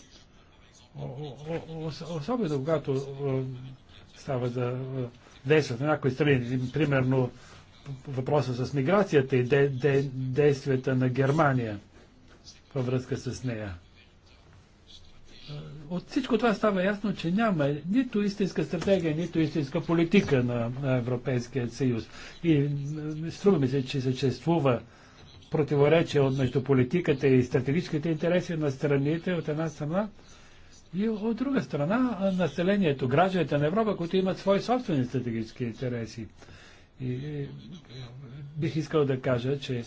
особено когато е, става да е, действат на някои страни, примерно въпроса с миграцията и де, де, действията на Германия във връзка с нея. Е, от всичко това става ясно, че няма нито истинска стратегия, нито истинска политика на, на Европейския съюз. И струва ми се, че съществува противоречие между политиката и стратегическите интереси на страните от една страна, и от друга страна, населението, гражданите на Европа, които имат свои собствени стратегически интереси. И, и бих искал да кажа, че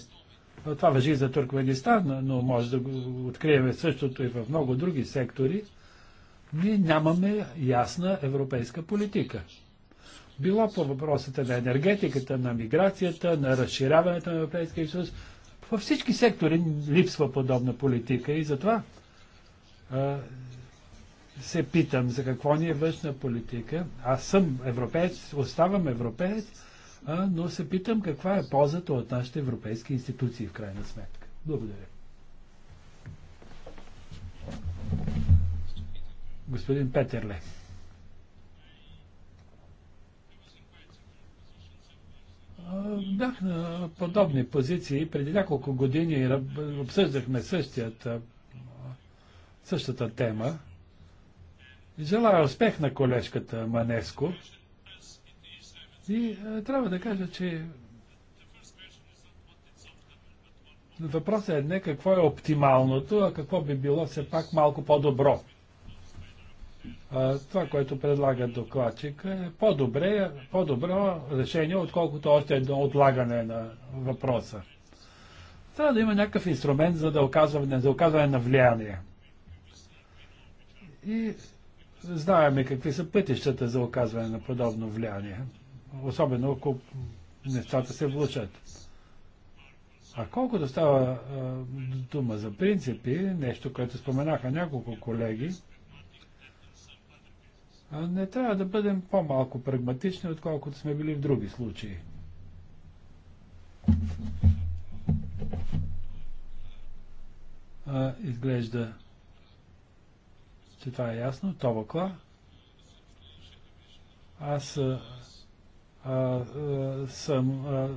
това въжи за Туркменистан, но може да го открием същото и в много други сектори. Ние нямаме ясна европейска политика. Било по въпросите на енергетиката, на миграцията, на разширяването на Европейския съюз. Във всички сектори липсва подобна политика и затова се питам за какво ни е външна политика. Аз съм европеец, оставам европеец, а, но се питам каква е ползата от нашите европейски институции в крайна сметка. Благодаря. Господин Петерле. Бях на подобни позиции. Преди няколко години обсъждахме същата тема. Желая успех на колежката Манеско. И а, трябва да кажа, че въпросът е не какво е оптималното, а какво би било все пак малко по-добро. това, което предлага докладчик, е по-добре, по-добро решение, отколкото още едно отлагане на въпроса. Трябва да има някакъв инструмент за да оказване, за оказване на влияние. И Знаеме какви са пътищата за оказване на подобно влияние. Особено ако нещата се влучат. А колкото става а, дума за принципи, нещо, което споменаха няколко колеги, а не трябва да бъдем по-малко прагматични, отколкото сме били в други случаи. А, изглежда че това е ясно. Товакла. Аз а, а, съм а,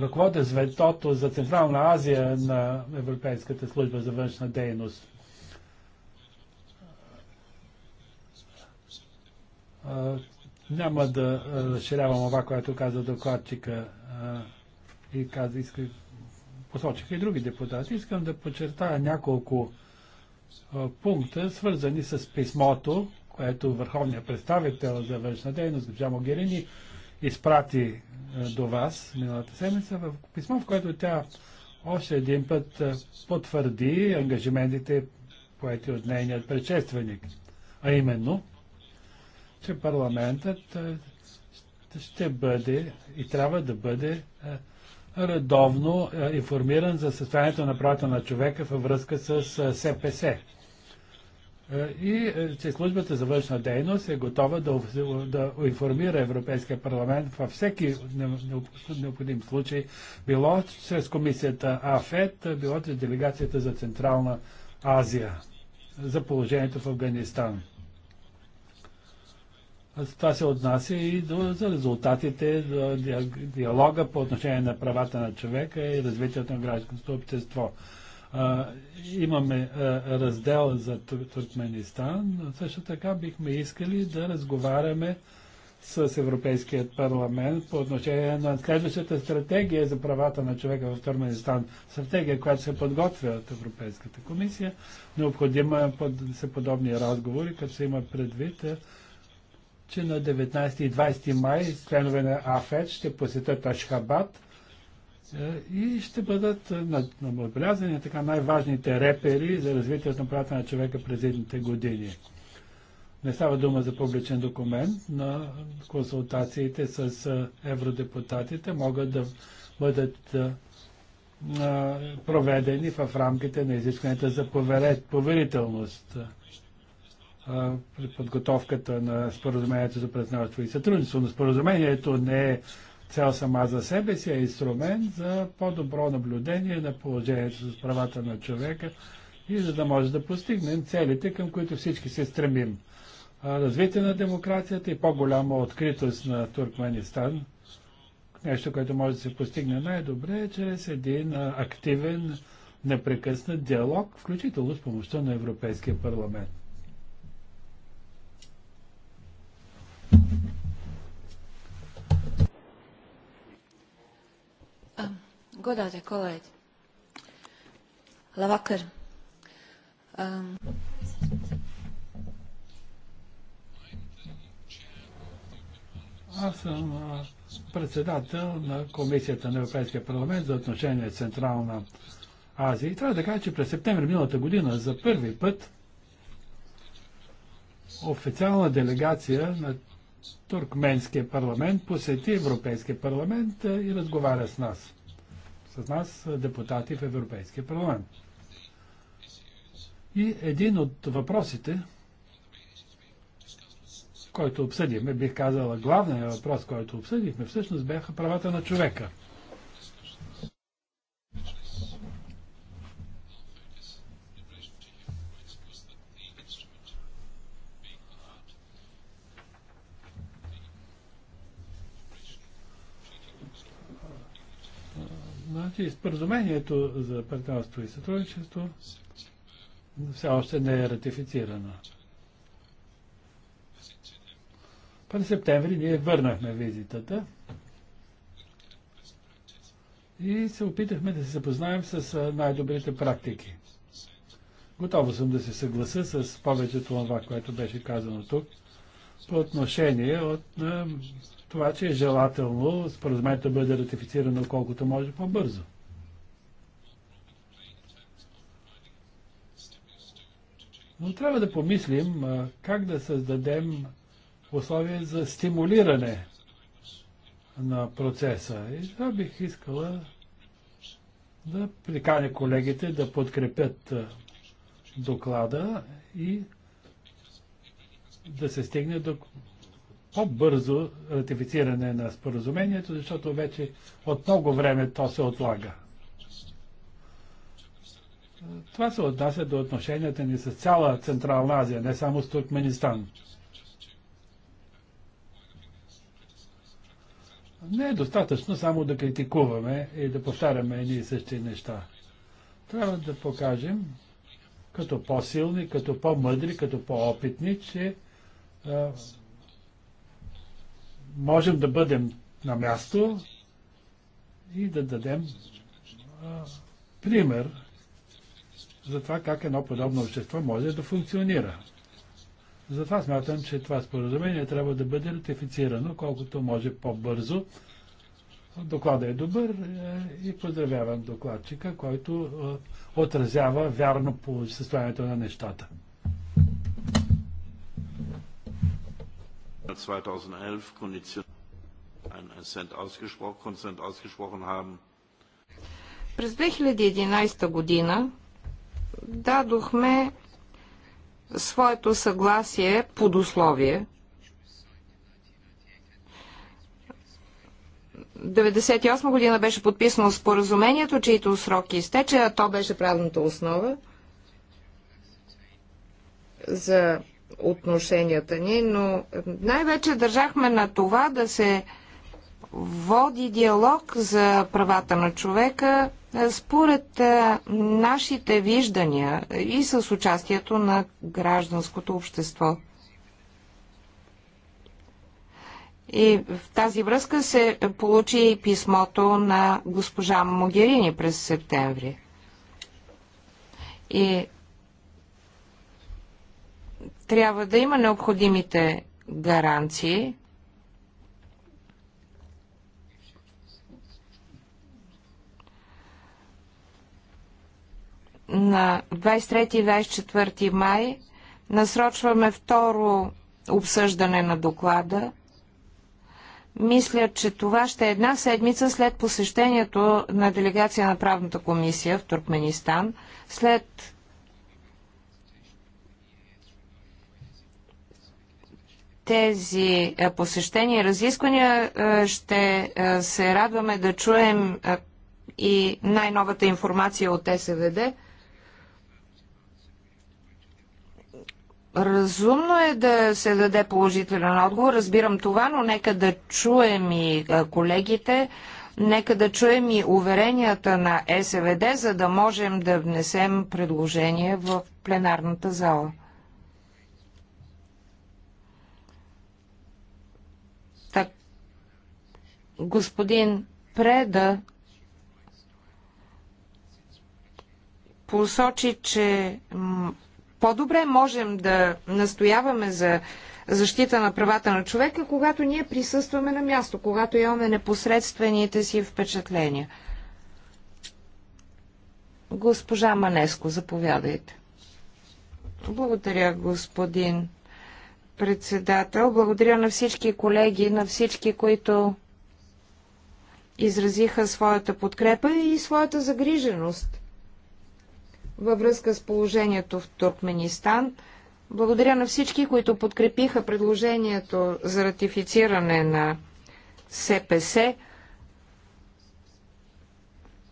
ръководя звездото за Централна Азия на Европейската служба за външна дейност. А, няма да разширявам това, което каза докладчика а, и каза, иска, посочиха и други депутати. Искам да подчертая няколко пункта, свързани с писмото, което върховният представител за външна дейност, госпожа Могерини, изпрати е, до вас миналата седмица, в писмо, в което тя още един път е, потвърди ангажиментите, поети от нейният предшественик, а именно, че парламентът е, ще бъде и трябва да бъде редовно е, информиран за състоянието на правата на човека във връзка с СПС. Е, е, и че службата за външна дейност е готова да, да информира Европейския парламент във всеки необходим случай, било чрез комисията АФЕТ, било чрез делегацията за Централна Азия за положението в Афганистан. Това се отнася и до, за резултатите, до диалога по отношение на правата на човека и развитието на гражданското общество. А, имаме а, раздел за Туркменистан, но също така бихме искали да разговаряме с Европейският парламент по отношение на следващата стратегия за правата на човека в Турменистан. Стратегия, която се подготвя от Европейската комисия. Необходимо е под, се подобни разговори, като се има предвид е, че на 19 и 20 май членове на АФЕД ще посетят Ашхабад е, и ще бъдат е, набелязани така най-важните репери за развитието на правата на човека през едните години. Не става дума за публичен документ, но консултациите с е, евродепутатите могат да бъдат проведени в рамките на изискването за поверителност при подготовката на споразумението за партньорство и сътрудничество. Но споразумението не е цел сама за себе си, е инструмент за по-добро наблюдение на положението с правата на човека и за да може да постигнем целите, към които всички се стремим. Развитие на демокрацията и по-голяма откритост на Туркменистан, нещо, което може да се постигне най-добре, е чрез един активен, непрекъснат диалог, включително с помощта на Европейския парламент. Godātie kolēģi, labvakar! Um, Аз съм председател на Комисията на Европейския парламент за отношение с Централна Азия. И трябва да кажа, че през септември миналата година за първи път официална делегация на Туркменския парламент посети Европейския парламент и разговаря с нас с нас депутати в Европейския парламент. И един от въпросите, който обсъдихме, бих казала главният въпрос, който обсъдихме, всъщност бяха правата на човека – Значи, споразумението за партньорство и сътрудничество все още не е ратифицирано. През септември ние върнахме визитата и се опитахме да се запознаем с най-добрите практики. Готова съм да се съгласа с повечето това, което беше казано тук по отношение от на това, че е желателно споразумението бъде ратифицирано колкото може по-бързо. Но трябва да помислим как да създадем условия за стимулиране на процеса. И това бих искала да приканя колегите да подкрепят доклада и да се стигне до по-бързо ратифициране на споразумението, защото вече от много време то се отлага. Това се отнася до отношенията ни с цяла Централна Азия, не само с Туркменистан. Не е достатъчно само да критикуваме и да повтаряме едни и същи неща. Трябва да покажем като по-силни, като по-мъдри, като по-опитни, че а, можем да бъдем на място и да дадем а, пример за това как едно подобно общество може да функционира. Затова смятам, че това споразумение трябва да бъде ратифицирано колкото може по-бързо. Докладът е добър е, и поздравявам докладчика, който е, отразява вярно по състоянието на нещата. 2011 haben. През 2011 година дадохме своето съгласие под условие. 1998 година беше подписано споразумението, чието срок изтече, а то беше правната основа за отношенията ни, но най-вече държахме на това да се води диалог за правата на човека е, според е, нашите виждания и с участието на гражданското общество. И в тази връзка се получи и писмото на госпожа Могерини през септември. И трябва да има необходимите гаранции. На 23 и 24 май насрочваме второ обсъждане на доклада. Мисля, че това ще е една седмица след посещението на делегация на правната комисия в Туркменистан, след тези е, посещения и разисквания е, ще е, се радваме да чуем и най-новата информация от СВД. Разумно е да се даде положителен отговор, разбирам това, но нека да чуем и колегите, нека да чуем и уверенията на СВД, за да можем да внесем предложение в пленарната зала. Господин Преда посочи, че по-добре можем да настояваме за защита на правата на човека, когато ние присъстваме на място, когато имаме непосредствените си впечатления. Госпожа Манеско, заповядайте. Благодаря, господин председател. Благодаря на всички колеги, на всички, които изразиха своята подкрепа и своята загриженост във връзка с положението в Туркменистан. Благодаря на всички, които подкрепиха предложението за ратифициране на СПС.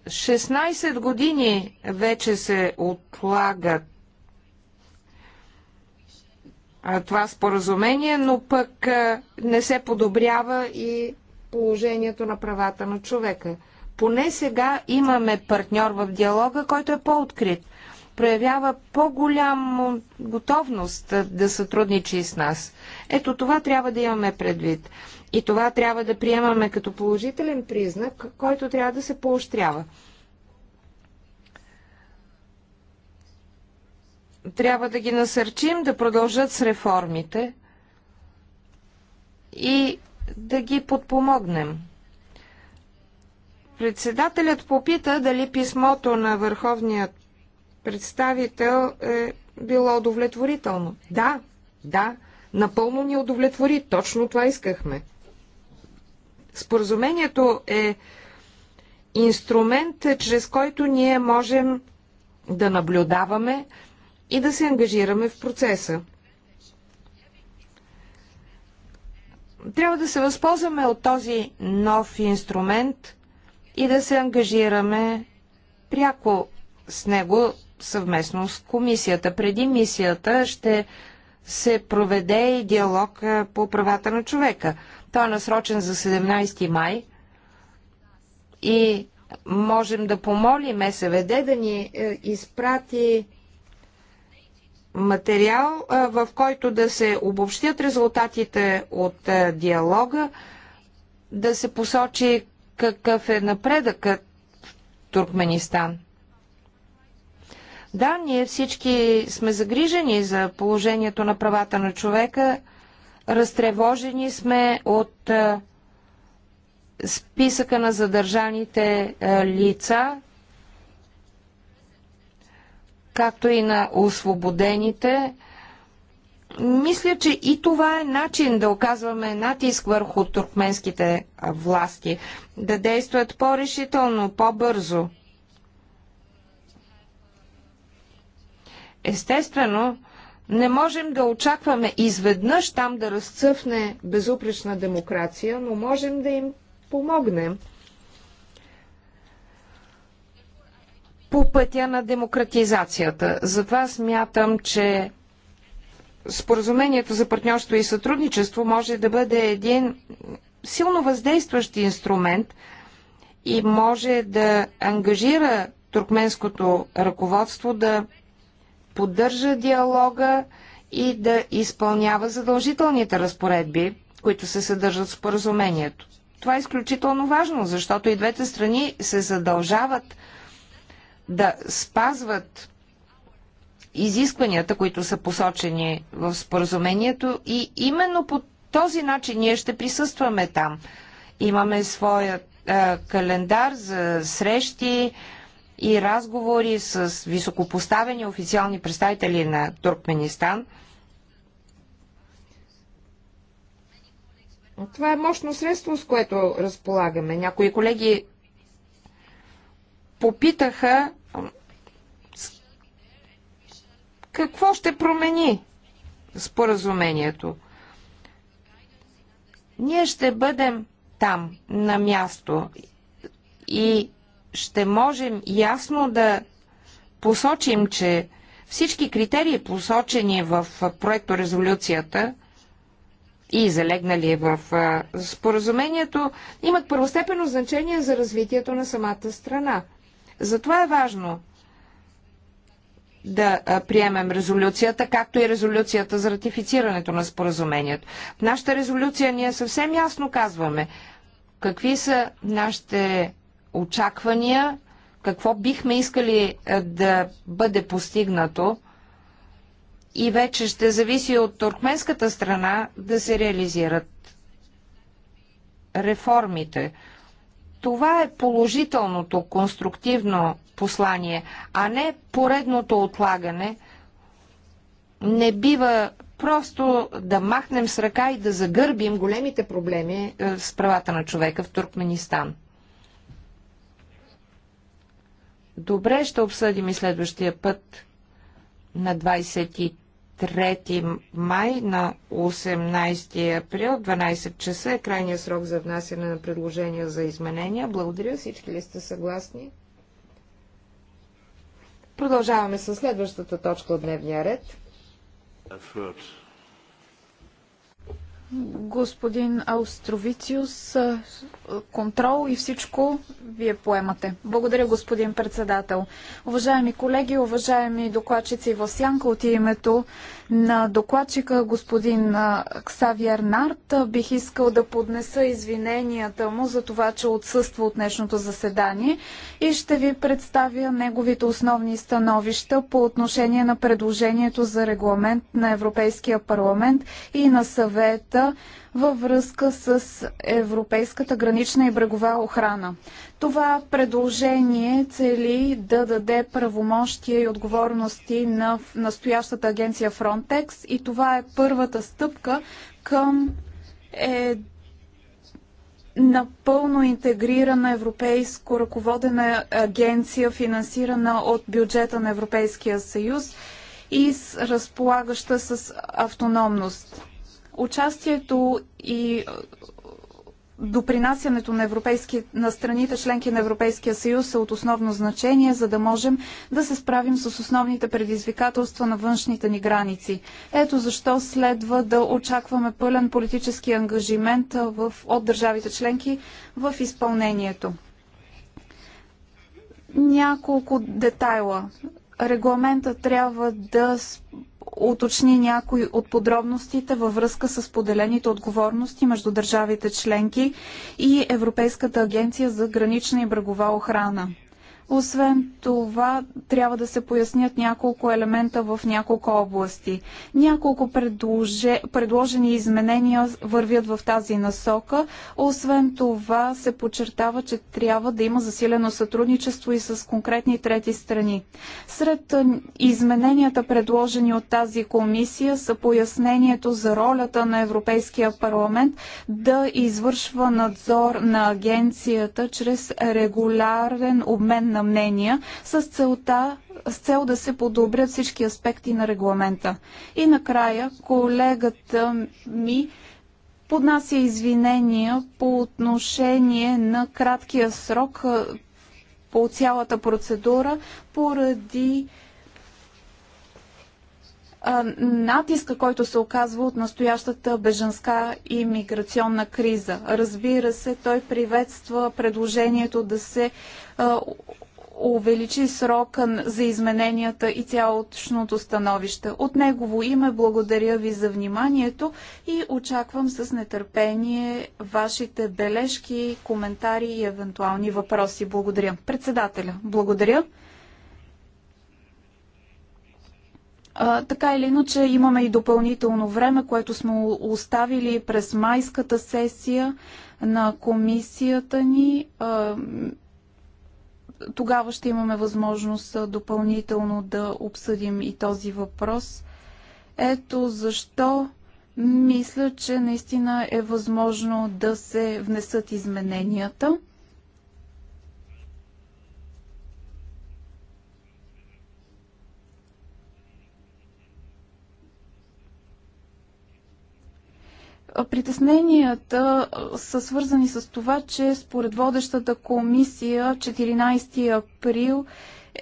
16 години вече се отлагат това споразумение, но пък не се подобрява и положението на правата на човека. Поне сега имаме партньор в диалога, който е по-открит. Проявява по-голяма готовност да сътрудничи с нас. Ето това трябва да имаме предвид. И това трябва да приемаме като положителен признак, който трябва да се поощрява. Трябва да ги насърчим да продължат с реформите и да ги подпомогнем. Председателят попита дали писмото на върховният представител е било удовлетворително. Да, да, напълно ни удовлетвори. Точно това искахме. Споразумението е инструмент, чрез който ние можем да наблюдаваме и да се ангажираме в процеса. трябва да се възползваме от този нов инструмент и да се ангажираме пряко с него съвместно с комисията. Преди мисията ще се проведе и диалог по правата на човека. Той е насрочен за 17 май и можем да помолим СВД да ни е, изпрати материал, в който да се обобщят резултатите от диалога, да се посочи какъв е напредъкът в Туркменистан. Да, ние всички сме загрижени за положението на правата на човека, разтревожени сме от списъка на задържаните лица, както и на освободените. Мисля, че и това е начин да оказваме натиск върху туркменските власти, да действат по-решително, по-бързо. Естествено, не можем да очакваме изведнъж там да разцъфне безупречна демокрация, но можем да им помогнем. по пътя на демократизацията. Затова смятам, че споразумението за партньорство и сътрудничество може да бъде един силно въздействащ инструмент и може да ангажира туркменското ръководство да поддържа диалога и да изпълнява задължителните разпоредби, които се съдържат в споразумението. Това е изключително важно, защото и двете страни се задължават – да спазват изискванията, които са посочени в споразумението и именно по този начин ние ще присъстваме там. Имаме своя е, календар за срещи и разговори с високопоставени официални представители на Туркменистан. Това е мощно средство, с което разполагаме. Някои колеги попитаха какво ще промени споразумението. Ние ще бъдем там, на място и ще можем ясно да посочим, че всички критерии, посочени в проекто резолюцията и залегнали в споразумението, имат първостепенно значение за развитието на самата страна. Затова е важно да приемем резолюцията, както и резолюцията за ратифицирането на споразумението. В нашата резолюция ние съвсем ясно казваме какви са нашите очаквания, какво бихме искали да бъде постигнато и вече ще зависи от туркменската страна да се реализират реформите. Това е положителното, конструктивно послание, а не поредното отлагане. Не бива просто да махнем с ръка и да загърбим големите проблеми е, с правата на човека в Туркменистан. Добре, ще обсъдим и следващия път на 23 3 май на 18 април, 12 часа е крайния срок за внасяне на предложения за изменения. Благодаря, всички ли сте съгласни? Продължаваме с следващата точка от дневния ред господин Аустровициус, контрол и всичко вие поемате. Благодаря, господин председател. Уважаеми колеги, уважаеми докладчици в Сянка от името на докладчика господин Ксавиер Нарт бих искал да поднеса извиненията му за това, че отсъства от днешното заседание и ще ви представя неговите основни становища по отношение на предложението за регламент на Европейския парламент и на съвета във връзка с Европейската гранична и брегова охрана. Това предложение цели да даде правомощия и отговорности на настоящата агенция Frontex и това е първата стъпка към е, напълно интегрирана европейско ръководена агенция, финансирана от бюджета на Европейския съюз и с разполагаща с автономност. Участието и допринасянето на, европейски, на страните членки на Европейския съюз е от основно значение, за да можем да се справим с основните предизвикателства на външните ни граници. Ето защо следва да очакваме пълен политически ангажимент в, от държавите членки в изпълнението. Няколко детайла регламента трябва да уточни някои от подробностите във връзка с поделените отговорности между държавите членки и Европейската агенция за гранична и брегова охрана. Освен това, трябва да се пояснят няколко елемента в няколко области. Няколко предложе, предложени изменения вървят в тази насока. Освен това, се подчертава, че трябва да има засилено сътрудничество и с конкретни трети страни. Сред измененията, предложени от тази комисия, са пояснението за ролята на Европейския парламент да извършва надзор на агенцията чрез регулярен обмен на на мнения с целта с цел да се подобрят всички аспекти на регламента. И накрая колегата ми поднася извинения по отношение на краткия срок по цялата процедура поради натиска, който се оказва от настоящата беженска и миграционна криза. Разбира се, той приветства предложението да се увеличи срока за измененията и цялостното становище. От негово име благодаря ви за вниманието и очаквам с нетърпение вашите бележки, коментари и евентуални въпроси. Благодаря. Председателя, благодаря. А, така или иначе имаме и допълнително време, което сме оставили през майската сесия на комисията ни. А, тогава ще имаме възможност допълнително да обсъдим и този въпрос. Ето защо мисля, че наистина е възможно да се внесат измененията. Притесненията са свързани с това, че според водещата комисия 14 април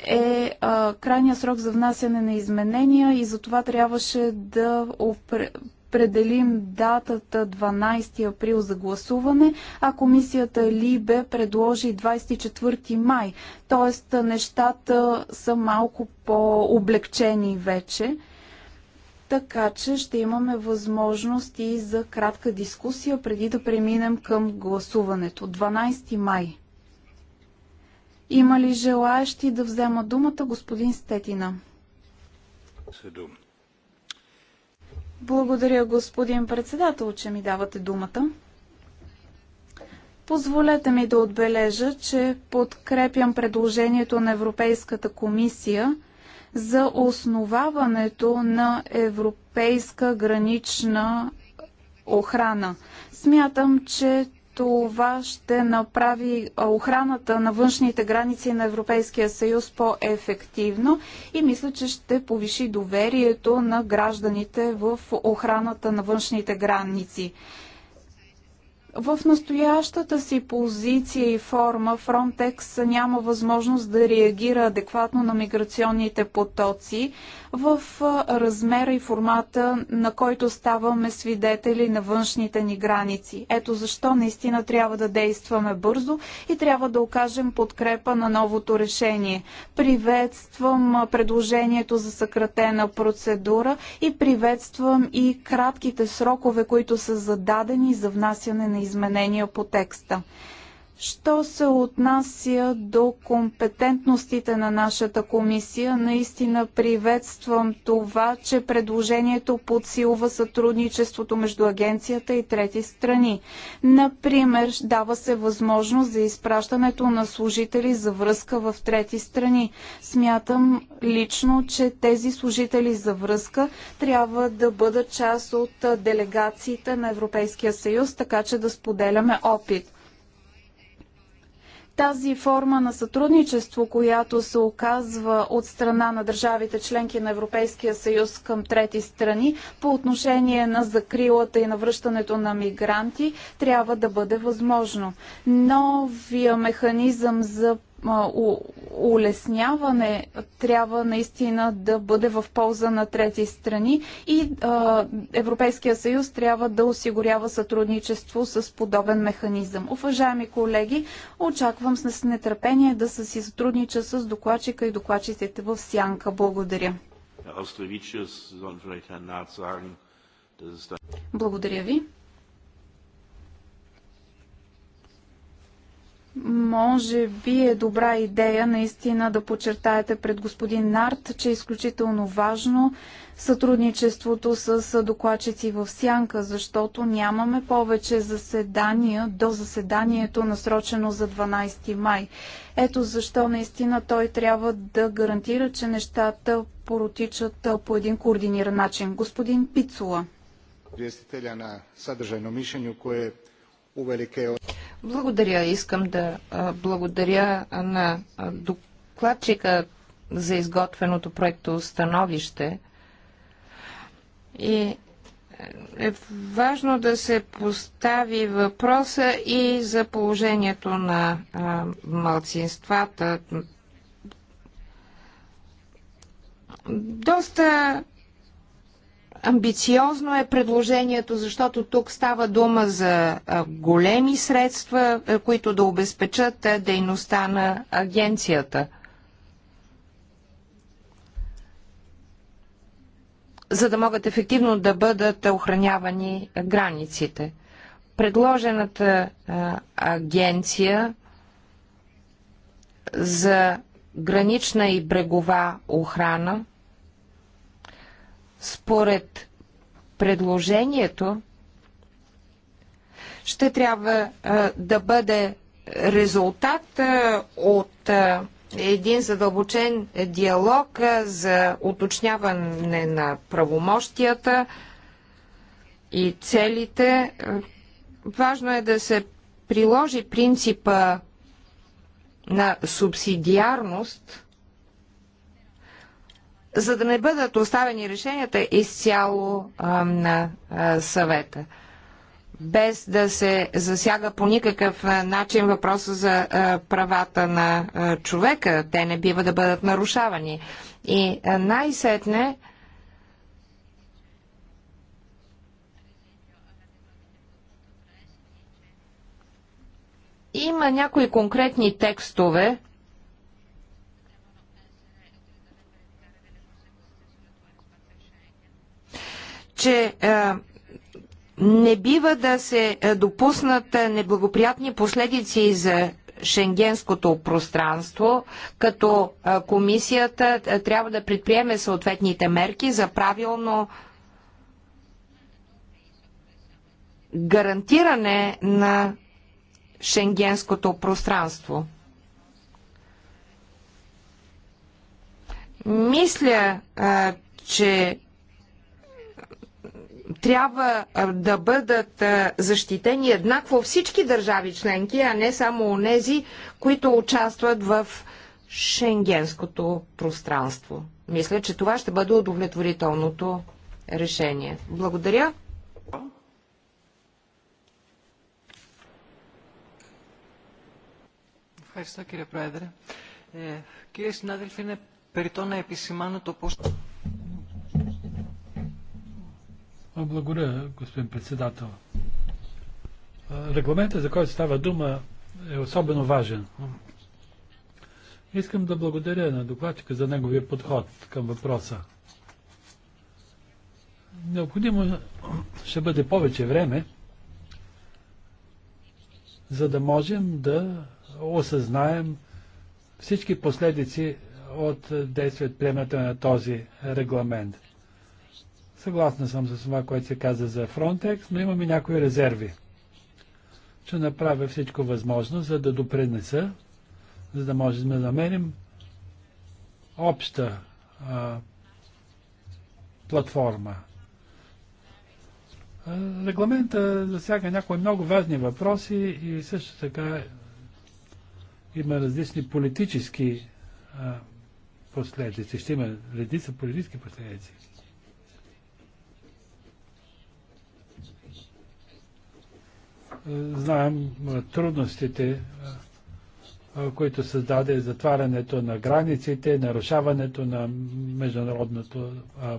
е а, крайния срок за внасяне на изменения и за това трябваше да определим датата 12 април за гласуване, а комисията Либе предложи 24 май. Тоест нещата са малко по-облегчени вече така че ще имаме възможност и за кратка дискусия преди да преминем към гласуването. 12 май. Има ли желаящи да взема думата господин Стетина? Седум. Благодаря, господин председател, че ми давате думата. Позволете ми да отбележа, че подкрепям предложението на Европейската комисия – за основаването на европейска гранична охрана. Смятам, че това ще направи охраната на външните граници на Европейския съюз по-ефективно и мисля, че ще повиши доверието на гражданите в охраната на външните граници. В настоящата си позиция и форма Frontex няма възможност да реагира адекватно на миграционните потоци в размера и формата, на който ставаме свидетели на външните ни граници. Ето защо наистина трябва да действаме бързо и трябва да окажем подкрепа на новото решение. Приветствам предложението за съкратена процедура и приветствам и кратките срокове, които са зададени за внасяне на изменения по текста. Що се отнася до компетентностите на нашата комисия, наистина приветствам това, че предложението подсилва сътрудничеството между агенцията и трети страни. Например, дава се възможност за изпращането на служители за връзка в трети страни. Смятам лично, че тези служители за връзка трябва да бъдат част от делегациите на Европейския съюз, така че да споделяме опит тази форма на сътрудничество, която се оказва от страна на държавите членки на Европейския съюз към трети страни по отношение на закрилата и на връщането на мигранти, трябва да бъде възможно. Новия механизъм за улесняване трябва наистина да бъде в полза на трети страни и а, Европейския съюз трябва да осигурява сътрудничество с подобен механизъм. Уважаеми колеги, очаквам с нетърпение да се си сътруднича с докладчика и докладчиците в Сянка. Благодаря. Благодаря ви. Може би е добра идея наистина да подчертаете пред господин Нарт, че е изключително важно сътрудничеството с докладчици в Сянка, защото нямаме повече заседания до заседанието насрочено за 12 май. Ето защо наистина той трябва да гарантира, че нещата поротичат по един координиран начин. Господин Пицула. сте на съдържайно кое koje uvelike... Благодаря. Искам да благодаря на докладчика за изготвеното проекто становище. И е важно да се постави въпроса и за положението на а, малцинствата. Доста Амбициозно е предложението, защото тук става дума за големи средства, които да обезпечат дейността на агенцията. за да могат ефективно да бъдат охранявани границите. Предложената агенция за гранична и брегова охрана – според предложението ще трябва а, да бъде резултат а, от а, един задълбочен диалог а, за уточняване на правомощията и целите. Важно е да се приложи принципа на субсидиарност за да не бъдат оставени решенията изцяло а, на а, съвета. Без да се засяга по никакъв начин въпроса за а, правата на а, човека. Те не бива да бъдат нарушавани. И най-сетне има някои конкретни текстове, че е, не бива да се е, допуснат е, неблагоприятни последици за шенгенското пространство, като комисията трябва да предприеме съответните мерки за правилно гарантиране на шенгенското пространство. Мисля, че трябва да бъдат защитени еднакво всички държави членки, а не само онези, които участват в шенгенското пространство. Мисля, че това ще бъде удовлетворителното решение. Благодаря. Ευχαριστώ κύριε Πρόεδρε. Ε, κύριε συνάδελφοι, είναι να επισημάνω το πώς... Благодаря, господин председател. Регламентът, за който става дума, е особено важен. Искам да благодаря на докладчика за неговия подход към въпроса. Необходимо ще бъде повече време, за да можем да осъзнаем всички последици от действието приемането на този регламент. Съгласна съм с това, което се каза за Frontex, но имаме някои резерви. Ще направя всичко възможно, за да допринеса, за да можем да намерим обща а, платформа. Регламента засяга някои много важни въпроси и също така има различни политически а, последици. Ще има редица политически последици. Знаем трудностите, които създаде затварянето на границите, нарушаването на международното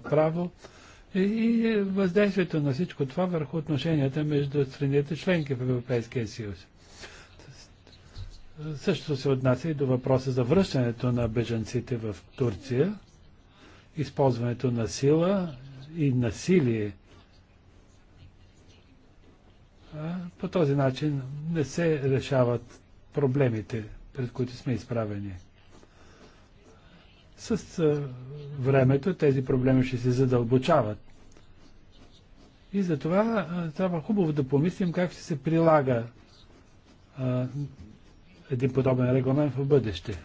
право и въздействието на всичко това върху отношенията между страните членки в Европейския съюз. Също се отнася и до въпроса за връщането на беженците в Турция, използването на сила и насилие по този начин не се решават проблемите, пред които сме изправени. С времето тези проблеми ще се задълбочават. И затова трябва хубаво да помислим как ще се прилага а, един подобен регламент в бъдеще.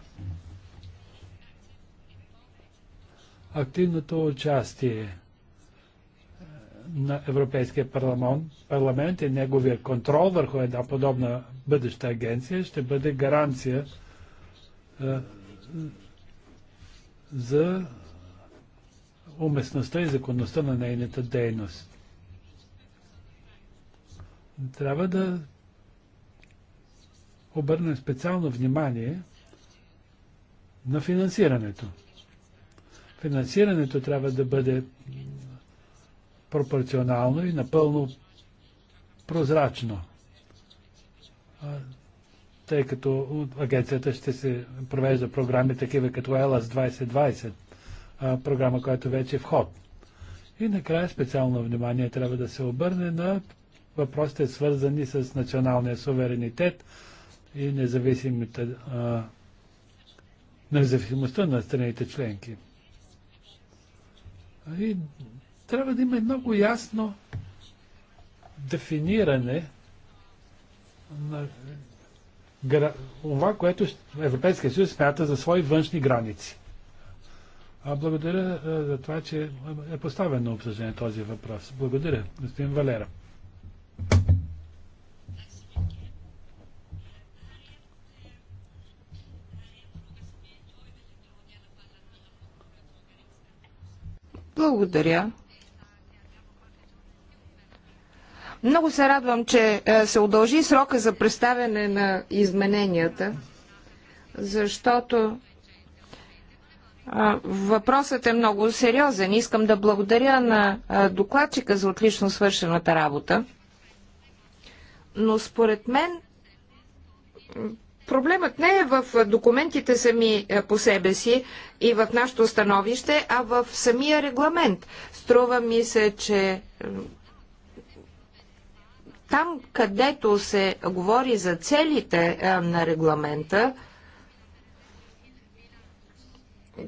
Активното участие на Европейския парламент, парламент и неговия контрол върху една подобна бъдеща агенция ще бъде гаранция а, за уместността и законността на нейната дейност. Трябва да обърнем специално внимание на финансирането. Финансирането трябва да бъде пропорционално и напълно прозрачно. Тъй като агенцията ще се провежда програми такива като ЕЛАС 2020, програма, която вече е в ход. И накрая специално внимание трябва да се обърне на въпросите свързани с националния суверенитет и независимостта на страните членки. И трябва да има много ясно дефиниране на това, което Европейския съюз смята за свои външни граници. А благодаря за това, че е поставен на обсъждане този въпрос. Благодаря, господин Валера. Благодаря. Много се радвам, че е, се удължи срока за представяне на измененията, защото въпросът е много сериозен. Искам да благодаря на докладчика за отлично свършената работа. Но според мен проблемът не е в документите сами е, по себе си и в нашето становище, а в самия регламент. Струва ми се, че там, където се говори за целите на регламента,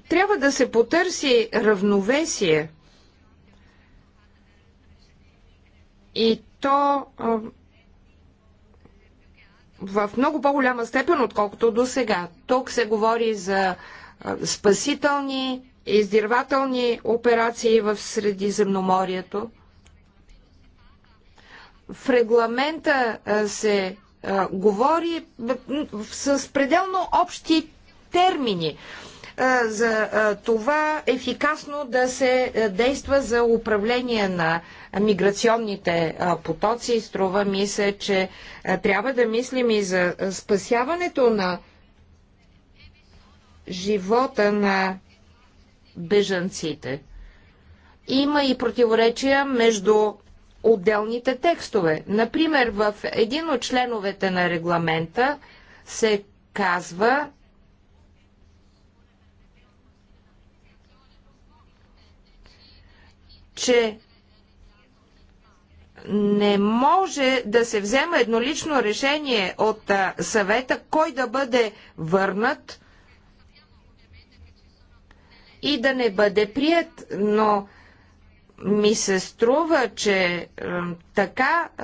трябва да се потърси равновесие и то в много по-голяма степен, отколкото до сега. Тук се говори за спасителни, издирвателни операции в Средиземноморието. В регламента се говори с пределно общи термини за това ефикасно да се действа за управление на миграционните потоци. Струва ми се, че трябва да мислим и за спасяването на живота на бежанците. Има и противоречия между отделните текстове. Например, в един от членовете на регламента се казва, че не може да се взема еднолично решение от съвета кой да бъде върнат и да не бъде прият, но ми се струва, че така е,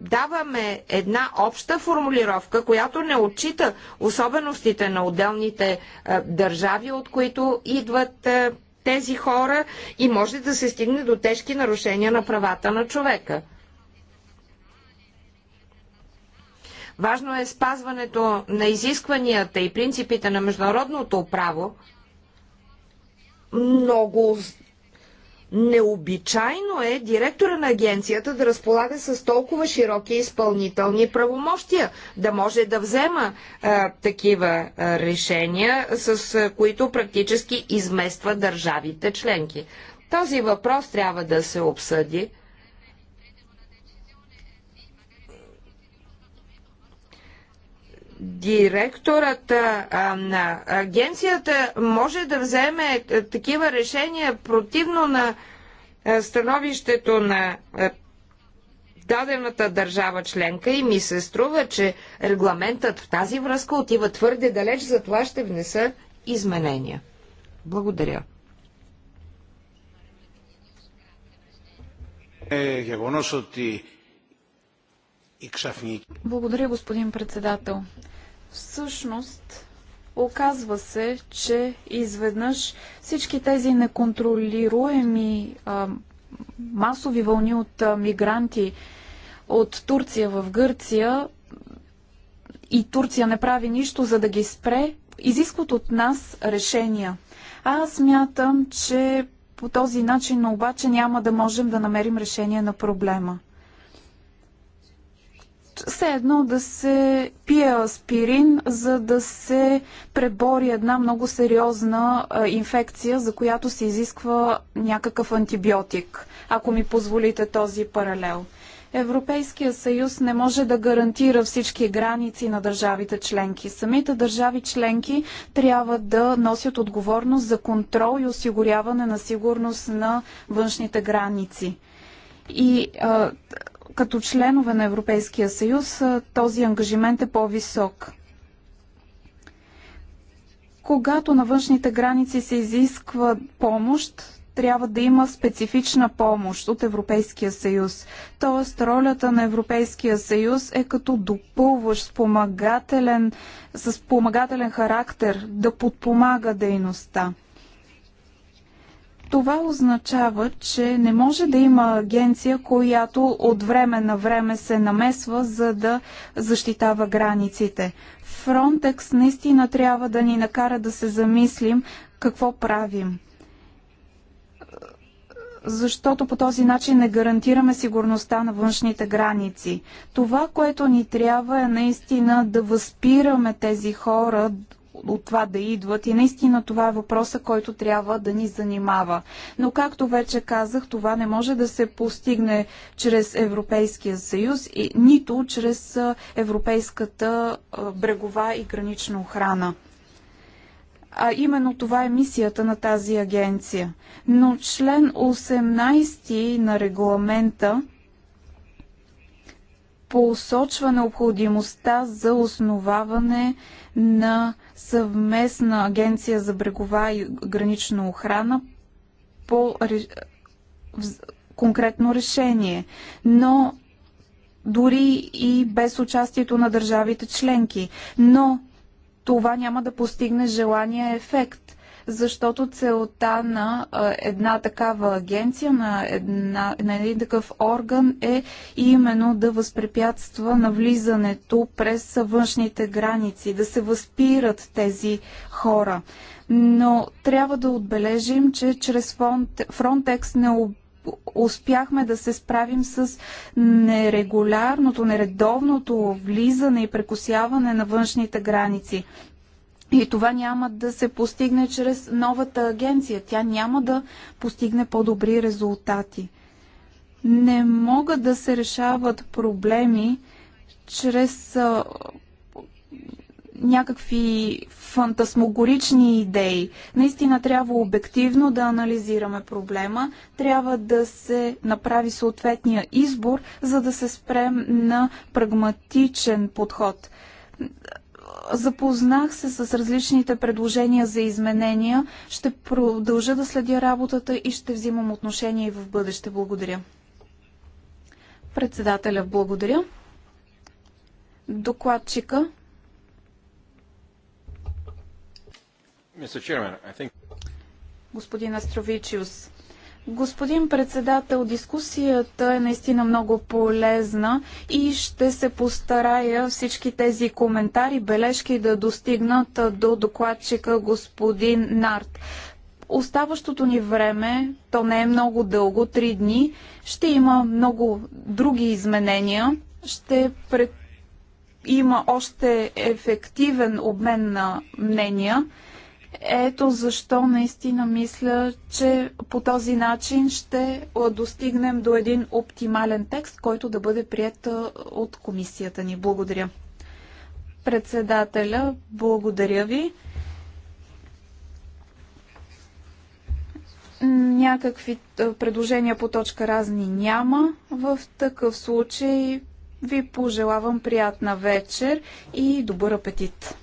даваме една обща формулировка, която не отчита особеностите на отделните е, държави, от които идват е, тези хора и може да се стигне до тежки нарушения на правата на човека. Важно е спазването на изискванията и принципите на международното право. Много Необичайно е директора на агенцията да разполага с толкова широки изпълнителни правомощия, да може да взема а, такива а, решения, с а, които практически измества държавите членки. Този въпрос трябва да се обсъди директорът на агенцията може да вземе е, такива решения противно на е, становището на е, дадената държава членка и ми се струва, че регламентът в тази връзка отива твърде далеч, затова ще внеса изменения. Благодаря. Е, γεγονός ότι благодаря, господин председател. Всъщност, оказва се, че изведнъж всички тези неконтролируеми а, масови вълни от а, мигранти от Турция в Гърция и Турция не прави нищо, за да ги спре, изискват от нас решения. Аз мятам, че по този начин обаче няма да можем да намерим решение на проблема все едно да се пие аспирин, за да се пребори една много сериозна инфекция, за която се изисква някакъв антибиотик, ако ми позволите този паралел. Европейския съюз не може да гарантира всички граници на държавите членки. Самите държави членки трябва да носят отговорност за контрол и осигуряване на сигурност на външните граници. И а, като членове на Европейския съюз този ангажимент е по-висок. Когато на външните граници се изисква помощ, трябва да има специфична помощ от Европейския съюз. Тоест, ролята на Европейския съюз е като допълващ спомагателен, с спомагателен характер да подпомага дейността. Това означава, че не може да има агенция, която от време на време се намесва, за да защитава границите. Фронтекс наистина трябва да ни накара да се замислим какво правим защото по този начин не гарантираме сигурността на външните граници. Това, което ни трябва е наистина да възпираме тези хора от това да идват. И наистина това е въпроса, който трябва да ни занимава. Но както вече казах, това не може да се постигне чрез Европейския съюз, и, нито чрез Европейската брегова и гранична охрана. А именно това е мисията на тази агенция. Но член 18 на регламента посочва необходимостта за основаване на съвместна агенция за брегова и гранична охрана по конкретно решение. Но дори и без участието на държавите членки. Но това няма да постигне желания ефект защото целта на една такава агенция, на, една, на един такъв орган е именно да възпрепятства навлизането през външните граници, да се възпират тези хора. Но трябва да отбележим, че чрез Frontex не успяхме да се справим с нерегулярното, нередовното влизане и прекусяване на външните граници. И това няма да се постигне чрез новата агенция. Тя няма да постигне по-добри резултати. Не могат да се решават проблеми чрез а, някакви фантасмогорични идеи. Наистина трябва обективно да анализираме проблема, трябва да се направи съответния избор, за да се спрем на прагматичен подход Запознах се с различните предложения за изменения. Ще продължа да следя работата и ще взимам отношение и в бъдеще. Благодаря. Председателя, благодаря. Докладчика. Господин Астровичиус, Господин председател, дискусията е наистина много полезна и ще се постарая всички тези коментари, бележки да достигнат до докладчика господин Нарт. Оставащото ни време, то не е много дълго, три дни, ще има много други изменения. Ще пред... има още ефективен обмен на мнения. Ето защо наистина мисля, че по този начин ще достигнем до един оптимален текст, който да бъде прият от комисията ни. Благодаря. Председателя, благодаря ви. Някакви предложения по точка разни няма. В такъв случай ви пожелавам приятна вечер и добър апетит.